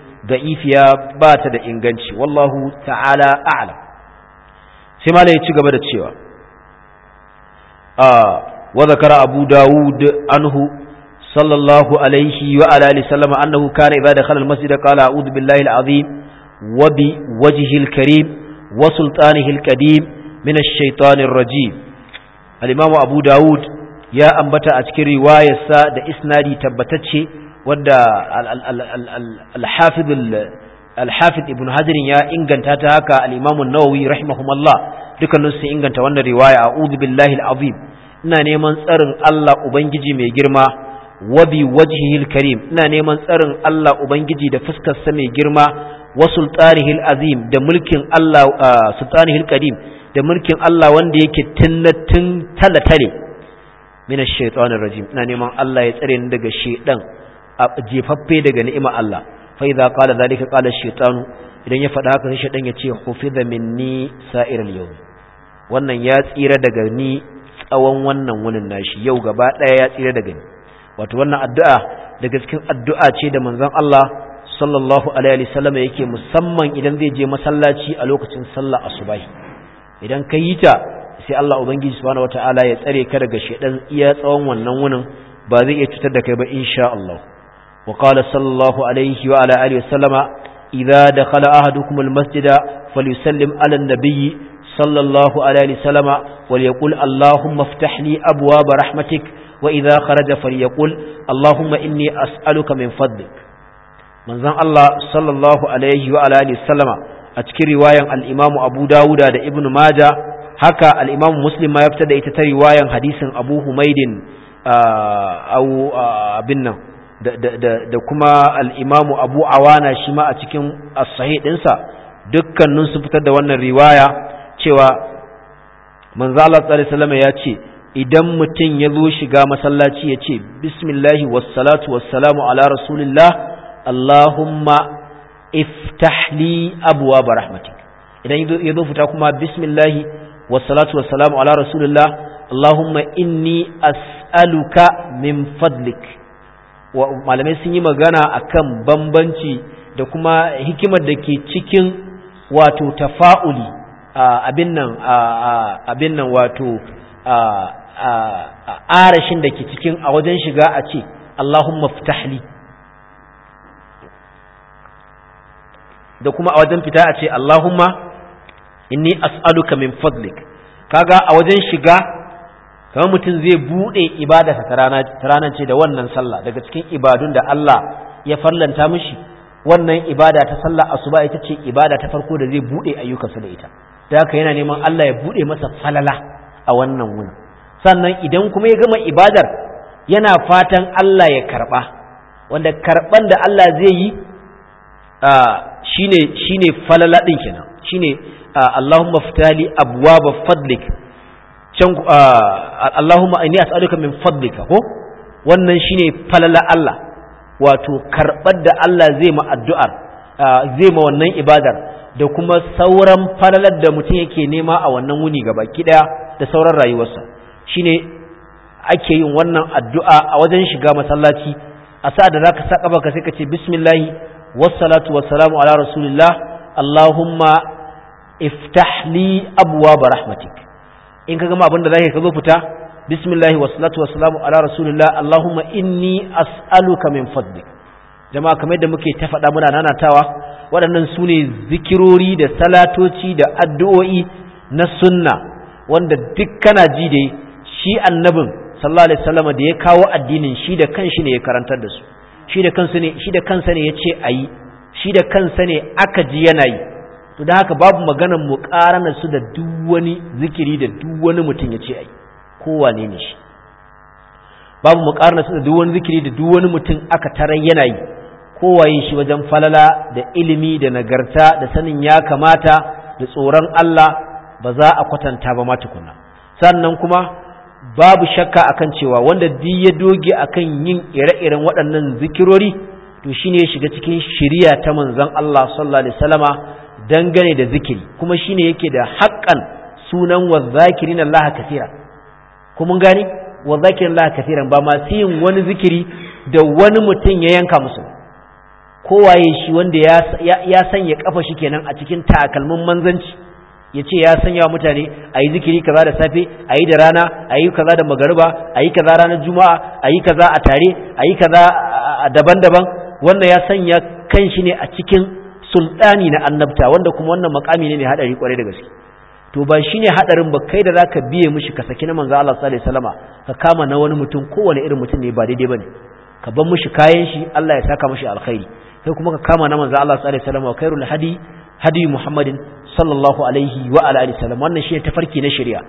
ifiya ba ta da inganci wallahu ta'ala a'lam sai ma ya ci gaba da cewa ah, wa zakara Abu Dawud anhu صلى الله عليه وعلى آله وسلم أنه كان إذا دخل المسجد قال أعوذ بالله العظيم وبوجهه الكريم وسلطانه القديم Mina ash rajim al-imam abu daud ya ambata a cikin riwayarsa da isnadi tabbatacce wanda al-hafiz al ibn hajar ya inganta ta haka al-imam an-nawawi rahimahumullah dukkanin su inganta wannan riwaya a'udhu billahi al-azim ina neman tsarin Allah ubangiji mai girma wabi bi wajhihi karim ina neman tsarin Allah ubangiji da fuskarsa mai girma wa sultanihi al-azim da mulkin Allah sultanihi karim da mulkin Allah wanda yake tinnatin talatale mina shaitanir rajim ina neman Allah ya tsare ni daga shedan a jefaffe daga ni'imar Allah fa idza qala zalika qala shaytanu idan ya faɗa haka sai shedan ya ce hufiza minni al yawm wannan ya tsira daga ni tsawon wannan wunin nashi yau gaba daya ya tsira daga ni wato wannan addu'a daga cikin addu'a ce da manzon Allah sallallahu alaihi wasallam yake musamman idan zai je masallaci a lokacin sallah asubahi idan ka yi ta sai Allah ubangiji subhanahu wataala ya tsare ka daga shedan iya tsawon wannan wunin ba zai iya cutar da kai ba insha Allah wa qala sallallahu alaihi wa ala alihi wasallama idza dakhala ahadukum almasjida falyusallim ala an-nabiy sallallahu alaihi wasallama wal yaqul allahumma iftah li abwaab rahmatik wa idza kharaja falyaqul allahumma inni as'aluka min fadlik manzon Allah sallallahu alaihi wa ala alihi wasallama a cikin riwayan al Abu Dawuda da Ibn Majah haka al-Imam Muslim ma ya fitar da ita ta riwayan hadisin Abu Humaidin au abin nan da kuma al-Imam Abu Awana shi ma a cikin as-sahih dinsa dukkanin su fitar da wannan riwaya cewa manzo Allah sallallahu ya ce idan mutum ya zo shiga masallaci ya ce bismillahi wassalatu wassalamu ala rasulillah Allahumma iftahli abuwa ba rahmatik idan ya zo fita kuma bismillahi wa wassalamu ala rasulillah allahumma inni as'aluka min fadlik malamai sun yi magana akan bambanci da kuma hikimar da ke cikin wato tafa'uli abin nan abin nan wato arashin da ke cikin a wajen shiga a ce allahumma ftahli da kuma a wajen fita a ce Allahumma inni as'aluka min fadlik kaga a wajen shiga kamar mutum zai bude ibada ta ranar ce da wannan sallah daga cikin ibadun da Allah ya fallanta mishi wannan ibada ta sallah asuba ita ce ibada ta farko da zai bude ayyukansa da ita da haka yana neman Allah ya bude masa falala a wannan wuni sannan idan kuma ya gama ibadar yana fatan Allah ya karba wanda karban da Allah zai yi ah, shine shine falala kenan shine Allahumma ftali abwaba fadlik can Allahumma inni as'aluka min fadlika ko wannan shine falala Allah wato karbar da Allah zai ma addu'ar zai ma wannan ibadar da kuma sauran falalar da mutum yake nema a wannan wuni gaba daya da sauran rayuwarsa shine ake yin wannan addu'a a wajen shiga masallaci a sa'ad da zaka sa kafa ka sai ka ce bismillahi والصلاة والسلام على رسول الله اللهم افتح لي أبواب رحمتك إن كما أبن ذلك كذبت بسم الله والصلاة والسلام على رسول الله اللهم إني أسألك من فضلك jama'a kamar da muke ta faɗa muna nanatawa waɗannan sune zikirori da salatoci da addu'o'i na sunna wanda duk kana ji dai shi annabin sallallahu alaihi wasallam da ya kawo addinin shi da kanshi ne ya karantar da su shi da kansa ne shi da kansa ne yace ayi shi da kansa ne aka ji yana yi to da haka babu maganar mu muqarana su da duk wani zikiri da duk wani mutum yace ayi kowa ne ne shi babu mu muqarana su da duk wani zikiri da duk wani mutum aka tarar yana yi kowa waye shi wajen falala da ilimi da nagarta da sanin ya kamata da tsoron Allah ba za a kwatanta ba ma tukunna sannan kuma babu shakka akan cewa wanda duk ya doge akan yin ire-iren waɗannan zikirori to shine ya shiga cikin shiriya ta manzon Allah sallallahu alaihi wasallama dangane da zikiri kuma shine yake da haƙƙan sunan wazakirin Allah kafira Kuma mun gane wazakirin Allah kafiran ba masu yin wani zikiri da wani mutum ya yanka musu kowaye shi wanda ya sanya kafa shi kenan a cikin takalmin manzanci ya ce ya sanya wa mutane a yi zikiri kaza da safe a yi da rana a yi kaza da magariba a yi kaza ranar juma'a a yi kaza a tare a yi kaza daban-daban wannan ya sanya kanshi ne a cikin sultani na annabta wanda kuma wannan makami ne mai hadari kwarai da gaske to ba ne hadarin ba kai da za zaka biye mishi ka saki na manzo Allah sallallahu alaihi wasallama ka kama na wani mutum kowane irin mutum ne ba daidai bane ka bar mushi kayan shi Allah ya saka mishi alkhairi sai kuma ka kama na manzo Allah sallallahu alaihi wasallama khairul hadi hadi Muhammadin sallallahu alaihi wa ala alihi Wannan wannan shine tafarki na shari'a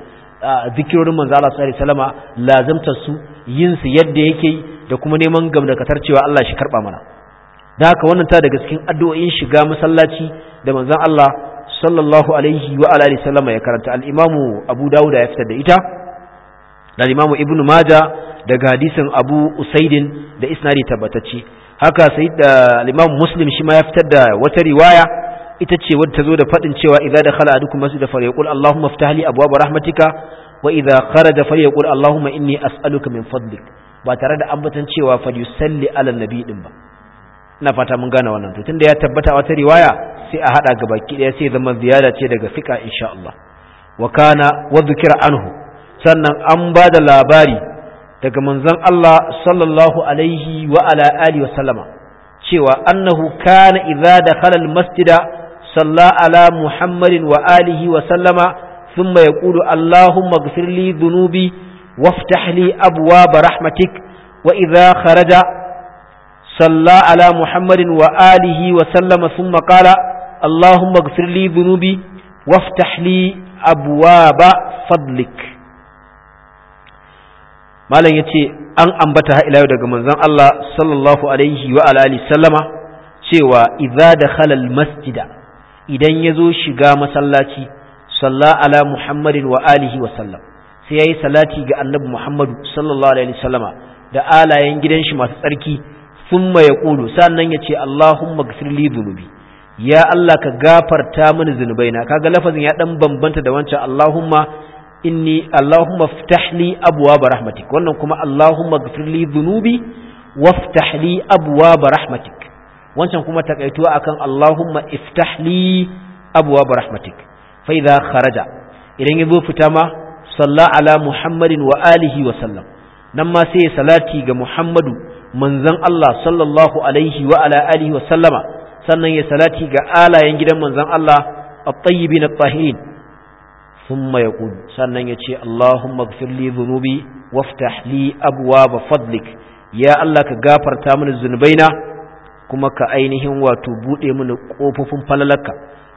zikirorin manzo Allah sallallahu alaihi wasallama lazamtar su yin su yadda yake da kuma neman gamdakatar cewa Allah shi karba mana da haka wannan ta daga cikin addu'o'in shiga masallaci da manzo Allah sallallahu alaihi wa ala salama ya karanta al-imamu Abu Dawud ya fitar da ita da al Ibn Majah daga hadisin Abu Usaidin da isnadi tabbatacce haka sai da eh, al-imamu Muslim shi ma ya fitar da wata riwaya ita ce wadda ta zo da faɗin cewa idza dakhala adukum masjida falyaqul allahumma iftah li abwaab rahmatika wa idza kharaja falyaqul allahumma inni as'aluka min fadlik ba tare da ambatan cewa falyusalli ala nabi din ba ina fata mun gane wannan to tunda ya tabbata wata riwaya sai a hada gaba baki daya sai zama ziyara ce daga fika insha Allah wa kana wa anhu sannan an ba da labari daga manzon Allah sallallahu alaihi wa ala alihi wa sallama cewa annahu kana idza dakhala al-masjida صلى على محمد وآله وسلم ثم يقول اللهم اغفر لي ذنوبي وافتح لي أبواب رحمتك وإذا خرج صلى على محمد وآله وسلم ثم قال اللهم اغفر لي ذنوبي وافتح لي أبواب فضلك malam ya ce an ambata ha ila daga manzon Allah sallallahu alaihi wa alihi sallama cewa idza dakhala masjida idan ya zo shiga masallaci salla ala muhammadin wa alihi wa sallam sai yayi salati ga annabi muhammadu sallallahu alaihi wasallama da alayen gidan shi masu tsarki ya kulu sannan ce, allahumma ghfir li dhunubi ya allah ka gafarta mini zunubaina kaga lafazin ya dan bambanta da wancan allahumma inni allahumma iftah li abwaab rahmatik wannan kuma allahumma ghfir li dhunubi waftah li rahmatik wancan kuma takaituwa akan Allahumma iftah li abwaab rahmatik fa kharaja idan yazo fita ma salla ala muhammadin wa alihi wa sallam nan ma sai salati ga muhammadu manzon Allah sallallahu alaihi wa ala alihi wa sallama sannan ya salati ga alayen gidan manzon Allah الطيبين الطاهرين ثم يقول سنن يتي اللهم اغفر لي ذنوبي وافتح لي Ya Allah ka gafarta mana تامن na. kuma ka ainihin wato buɗe mana ƙofofin falalaka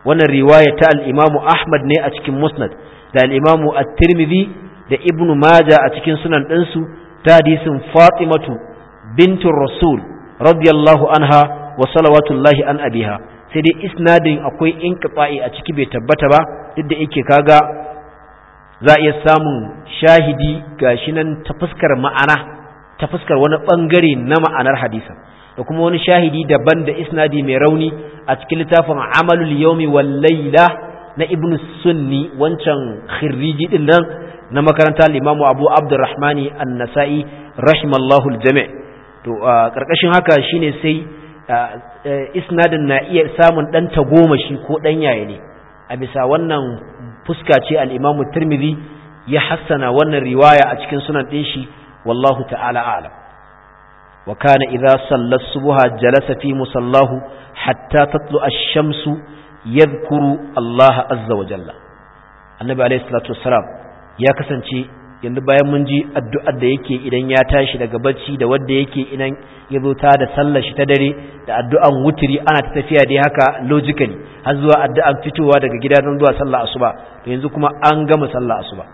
wannan riwaya ta al'imamu ahmad ne a cikin musnad da al'imamu at-tirmidhi da ibnu maja a cikin sunan ɗinsu ta hadisin fatimatu bintu rasul radiyallahu anha wa salawatullahi an abiha sai dai isnadin akwai inqita'i a ciki bai tabbata ba duk da yake kaga za a iya samun shahidi gashinan nan ta fuskar ma'ana ta fuskar wani bangare na ma'anar hadisin da kuma wani shahidi daban da isnadi mai rauni a cikin littafin amalul yaumi wal laila na ibn sunni wancan khirriji din nan na makaranta limamu abu abdurrahmani an-nasa'i rahimallahu al to karkashin haka shine sai isnadin na iya samun dan tagomashi ko dan yaye ne a bisa wannan fuska ce al-imamu tirmidhi ya hassana wannan riwaya a cikin sunan din shi wallahu ta'ala a'lam وكان إذا صلى الصبح جلس في مصلاه musallahu hatta الشمس يذكر shamsu عز Allah azza wa jalla annabi يا salatu ya kasance yanzu bayan mun ji addu'ar da yake idan ya tashi daga bacci da wanda yake idan ya zo ta da sallar shi ta dare da addu'an wutiri ana ta tafiya dai haka logically har zuwa addu'an fitowa daga gida don zuwa sallar asuba to yanzu kuma an gama sallar asuba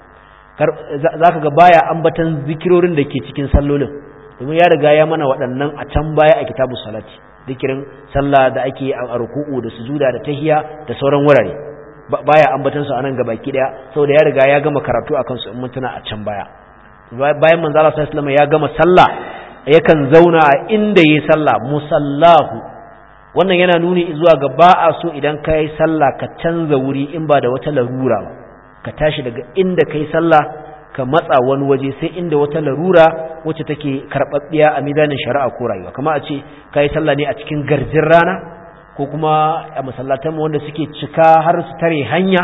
zaka ga baya ambatan zikirorin da ke cikin sallolin domin ya riga ya mana waɗannan a can baya a kitabu salati zikirin sallah da ake a ruku'u da sujuda da tahiya da sauran wurare baya ambatansu a nan gabaki daya saboda ya riga ya gama karatu akan su in mun tana a can baya bayan manzo Allah sallallahu alaihi wasallam ya gama sallah yakan zauna a inda yayi sallah musallahu wannan yana nuni zuwa ga ba a so idan kai sallah ka canza wuri in ba da wata larura ka tashi daga inda kai sallah ka matsa wani waje sai inda wata larura wacce take karɓaɓɓiya a midanin shari'a ko rayuwa kama a ce ka yi sallah ne a cikin garjin rana ko kuma a masallatanmu wanda suke cika har su tare hanya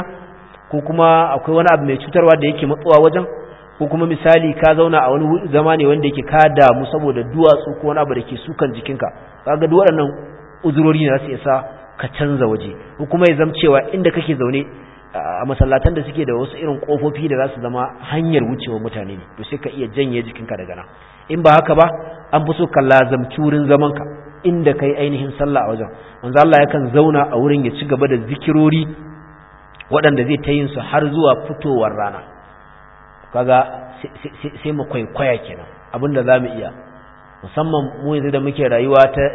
ko kuma akwai wani abu mai cutarwa da yake matsuwa wajen ko kuma misali ka zauna a wani zama ne wanda yake ka damu saboda duwatsu ko wani abu da ke sukan jikinka kaga duk waɗannan uzurori ne za su iya ka canza waje ko kuma ya zama cewa inda kake zaune a masallatan da suke da wasu irin kofofi da za su zama hanyar wucewa mutane ne to sai ka iya janye jikinka daga nan in ba haka ba an fi so ka lazamci wurin zamanka inda kai ainihin sallah a wajen manzo Allah yakan zauna a wurin ya ci gaba da zikirori waɗanda zai ta yin su har zuwa fitowar rana kaga sai mu kwaikwaya kenan abinda zamu iya musamman mu yanzu da muke rayuwa ta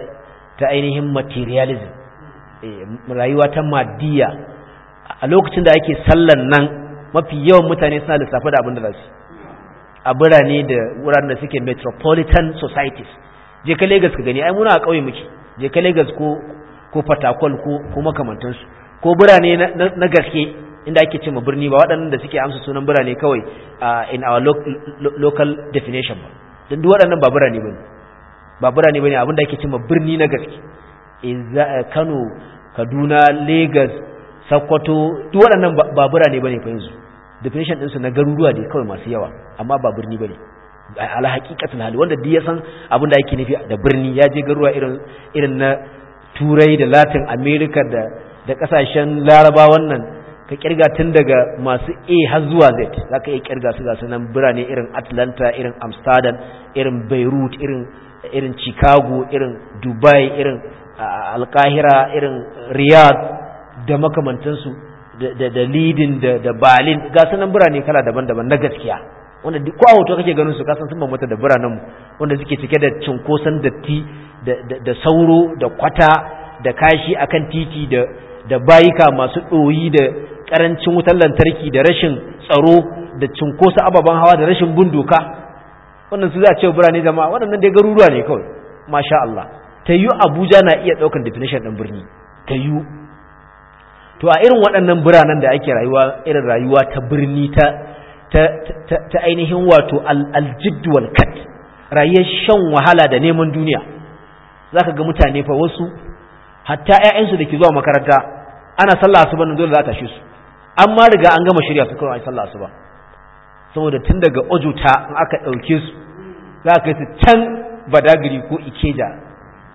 ta ainihin materialism eh, rayuwa ta madiya a lokacin da ake sallan nan mafi yawan mutane suna lissafa da abin da zasu a birane da wuraren da suke metropolitan societies je ka Lagos ka gani ai muna a ƙauye muke je ka Lagos ko ko Fatakwal ko ko makamantansu ko birane na gaske inda ake cewa birni ba waɗannan da suke amsa sunan birane kawai in our local definition ba don duk waɗannan ba birane bane ba birane bane abinda ake cewa birni na gaske Kano Kaduna Lagos sakkwato duk waɗannan babura ne bane fa yanzu definition ɗinsu na garuruwa ne kawai masu yawa amma ba birni bane ala haƙiƙatul hali wanda duk ya san abin da ake nufi da birni ya je garuruwa irin na turai da latin america da ƙasashen laraba wannan ka kirga tun daga masu a har zuwa z za ka iya kirga su gasu nan birane irin atlanta irin amsterdam irin beirut irin chicago irin dubai irin alkahira irin riyadh da makamantansu da lidin da balin ga sanan birane kala daban-daban na gaskiya wanda duk a hoto kake ganin su kasan sun bambanta da biranen mu wanda suke cike da cinkoson datti da sauro da kwata da kashi akan titi da da bayika masu ɗoyi da ƙarancin wutar lantarki da rashin tsaro da cinkosa ababen hawa da rashin bin doka wannan su za a ce birane zama waɗannan dai garuruwa ne kawai masha Allah ta yiwu Abuja na iya ɗaukan definition ɗin birni ta yiwu to a irin waɗannan biranen da ake rayuwa irin rayuwa ta birni ta ta ainihin wato aljidwal kat rayuwar shan wahala da neman duniya zaka ga mutane fa wasu hatta ƴaƴansu da ke zuwa makaranta ana sallah asuba nan dole za ta shi su amma riga an gama shirya su kawai sallah asuba saboda tun daga ojuta in aka ɗauke su za kai su can badagiri ko ikeja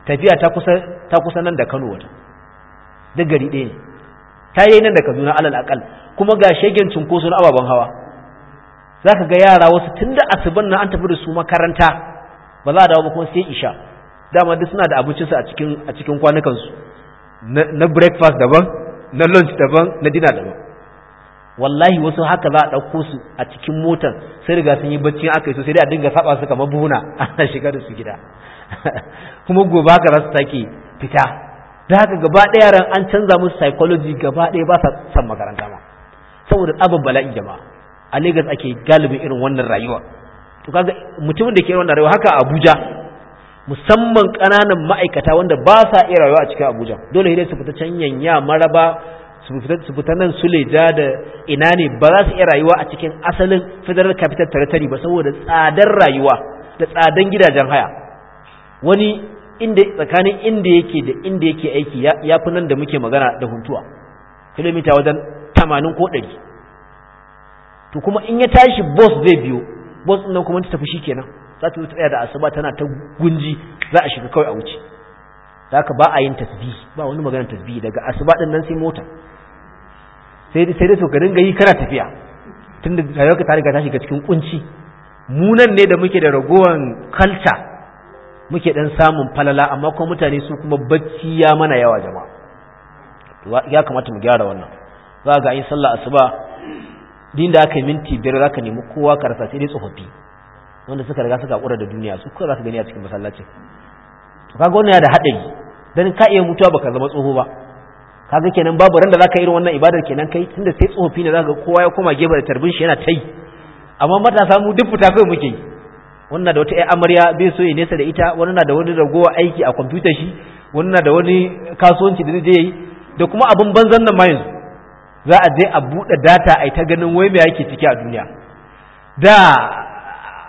tafiya ta kusa ta kusa nan da Kano wata duk gari ɗaya ne ta yi nan da kaduna alal akal kuma ga shegen cunkoso na ababen hawa za ka ga yara wasu tun da asibin na an tafi da su makaranta ba za a dawo ba kuma sai isha dama duk suna da abincinsu a cikin kwanukansu na breakfast daban na lunch daban na dinner daban wallahi wasu haka za a ɗauko su a cikin motar sai riga sun yi bacci aka yi su sai dai a dinga saba su kamar buhuna <laughs> ana shiga da su gida <laughs> kuma gobe haka za su take fita da haka gaba ɗaya yaran an canza musu psychology gaba ɗaya ba sa son makaranta ma saboda tsabin bala'in jama'a a Lagos ake galibi irin wannan rayuwa to kaga mutumin da ke wannan rayuwa haka a Abuja musamman ƙananan ma'aikata wanda ba sa iya rayuwa a cikin Abuja dole ne su fita can yanya maraba su fita nan su leja da ina ne ba za su iya rayuwa a cikin asalin federal capital territory ba saboda tsadar rayuwa da tsadan gidajen haya wani inda tsakanin inda yake da inda yake aiki ya fi nan da muke magana da huntuwa kilomita wajen tamanin ko ɗari to kuma in ya tashi bus zai biyo bus ɗin nan kuma ta tafi shi kenan za ta tsaya da asuba tana ta gunji za a shiga kawai a wuce za ka ba a yin tasbih ba wani magana tasbih daga asuba ɗin nan sai mota sai dai to ka dinga yi kana tafiya tunda ka tare ka tashi ga cikin kunci mu nan ne da muke da ragowan culture muke dan samun falala amma kuma mutane su kuma bacci ya mana yawa jama'a ya kamata mu gyara wannan za ga yin sallah asuba din da aka yi minti biyar za ka nemi kowa ka rasa sai dai tsofaffi wanda suka riga suka kura da duniya su kuma za ka gani a cikin masallacin kaga wannan ya da haɗari dan ka iya mutuwa baka zama tsoho ba kaga kenan babu ran da za zaka irin wannan ibadar kenan kai tunda sai tsofaffi ne ga kowa ya koma gefe da tarbin shi yana tai amma matasa mu duk fita muke yi wani na da wata 'yan amarya bai so ya nesa da ita wani na da wani ragowa aiki a kwamfuta shi wani na da wani kasuwanci da zai yi da kuma abin banzan nan mayan yanzu za a je a buɗe data a ta ganin wai me ake ciki a duniya da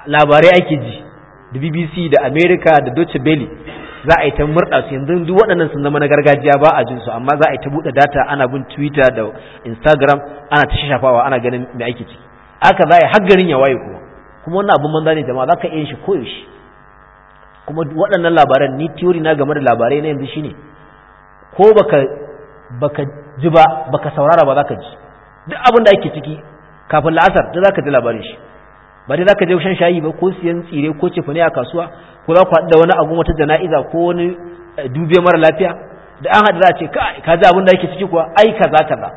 labarai ake ji da bbc da america da deutsche belly za a yi ta murɗa su yanzu duk waɗannan sun zama na gargajiya ba a jinsu amma za a yi ta buɗe data ana bin twitter da instagram ana ta shafawa ana ganin mai ake ciki haka za a yi har garin ya waye kuma kuma wannan abin banza ne jama'a za ka iya shi koyaushe kuma waɗannan labaran ni tiyori na game da labarai na yanzu shine ko baka baka ji ba baka saurara ba za ka ji duk abin da ake ciki kafin la'asar da za ka ji labarin shi ba dai za ka je shan shayi ba ko siyan tsire ko cefane a kasuwa ko za ku haɗu da wani abu wata jana'iza ko wani eh, dubiya mara lafiya da an haɗu za a ce ka ji abin da ake ciki kuwa ai kaza kaza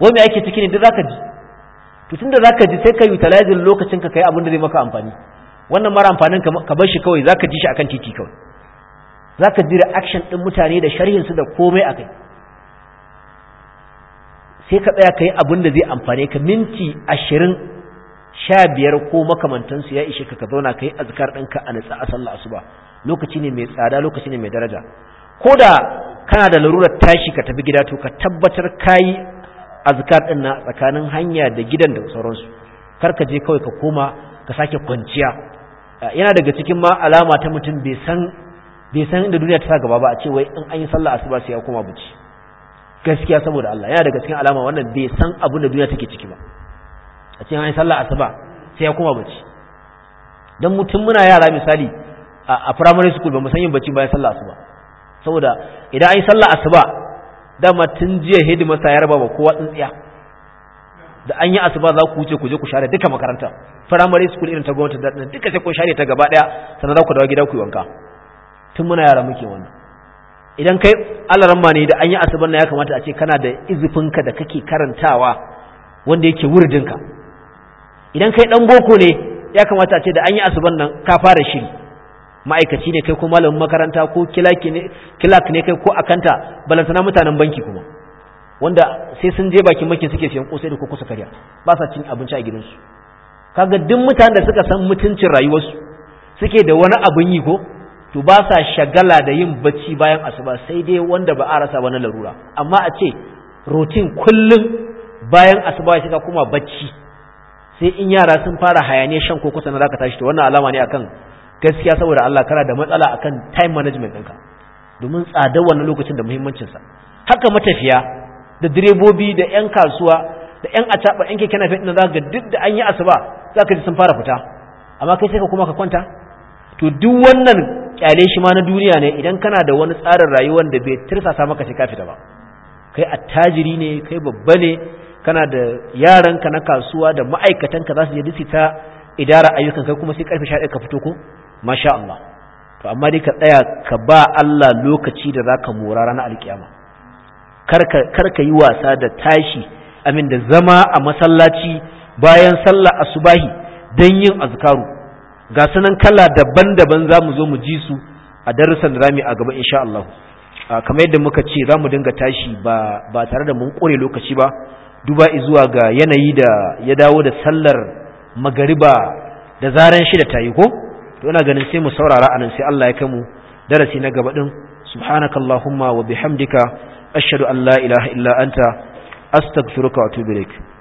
wani ake ciki ne duk za ka ji to tunda zaka ji sai ka utilize lokacin ka kai abin da zai maka amfani wannan mara amfanin ka bar shi kawai zaka ji shi akan titi kawai zaka ji reaction din mutane da sharhin su da komai akai sai ka tsaya kai abin da zai amfane ka minti 20 sha biyar ko makamantansu ya ishe ka ka zauna kai yi din ka a nitsa a sallah asuba lokaci ne mai tsada lokaci ne mai daraja Koda kana da larurar tashi ka tafi gida to ka tabbatar ka azkar din na tsakanin hanya da gidan da sauransu kar ka je kawai ka koma ka sake kwanciya yana daga cikin ma alama ta mutum bai san bai san inda duniya ta sa gaba ba a ce wai in an yi sallah asuba sai ya koma buci gaskiya saboda Allah yana daga cikin alama wannan bai san abin da duniya take ciki ba a ce an yi sallah asuba sai ya koma buci dan mutum muna yara misali a primary school ba mu san yin bacci bayan sallah asuba saboda idan an yi sallah asuba dama tun jiya hidima sa ya rabawa ba kowa tsintsiya da an yi asuba za ku wuce ku je ku share duka makaranta primary school irin ta gwamnati da duka sai ku share ta gaba daya sannan za ku dawo gida ku yi wanka tun muna yara muke wannan idan kai Allah ramma ne da an yi asuban na ya kamata a ce kana da izifinka da kake karantawa wanda yake ka idan kai dan boko ne ya kamata a ce da an yi asuban nan ka fara shiri ma'aikaci ne kai ko malamin makaranta ko kilak ne kai ko akanta balantana mutanen banki kuma wanda sai sun je bakin makin suke siyan kosai da koko karya ba sa cin abinci a gidansu kaga duk mutanen da suka san mutuncin rayuwarsu suke da wani abin yi ko to ba sa shagala da yin bacci bayan asuba sai dai wanda ba a rasa wani larura amma a ce rutin kullum bayan asuba sai ka kuma bacci sai in yara sun fara hayaniya shan koko na zaka tashi to wannan alama ne akan gaskiya saboda Allah kana da matsala akan time management ɗinka domin tsadar wannan lokacin da muhimmancinsa haka matafiya da direbobi da 'yan kasuwa da 'yan acaɓa 'yan keke nafi za ga duk da an yi asuba za ka ji sun fara fita amma kai sai ka kuma ka kwanta to duk wannan kyale shi ma na duniya ne idan kana da wani tsarin rayuwar da bai tirsasa maka shi kafita fita ba kai attajiri ne kai babba ne kana da yaranka na kasuwa da ma'aikatanka za su je duk ta idara ayyukan kai kuma sai karfe 11 ka fito ko masha Allah to amma dai ka tsaya ka ba Allah lokaci da za ka mora ranar alkiyama kar ka yi wasa da tashi amin da zama a masallaci bayan sallah asubahi don yin azkaru ga sanan kala daban-daban za mu zo mu ji su a darussan da rami a gaba insha Allah kamar yadda muka ce za mu dinga tashi ba ba tare da mun kore lokaci ba duba zuwa ga yanayi da ya dawo da sallar magariba da zaran shida ta yi ko to ina ganin sai mu saurara anan sai Allah ya kamu darasi na gaba din subhanakallahumma wa bihamdika ashhadu an la ilaha illa anta astaghfiruka wa atubu ilaik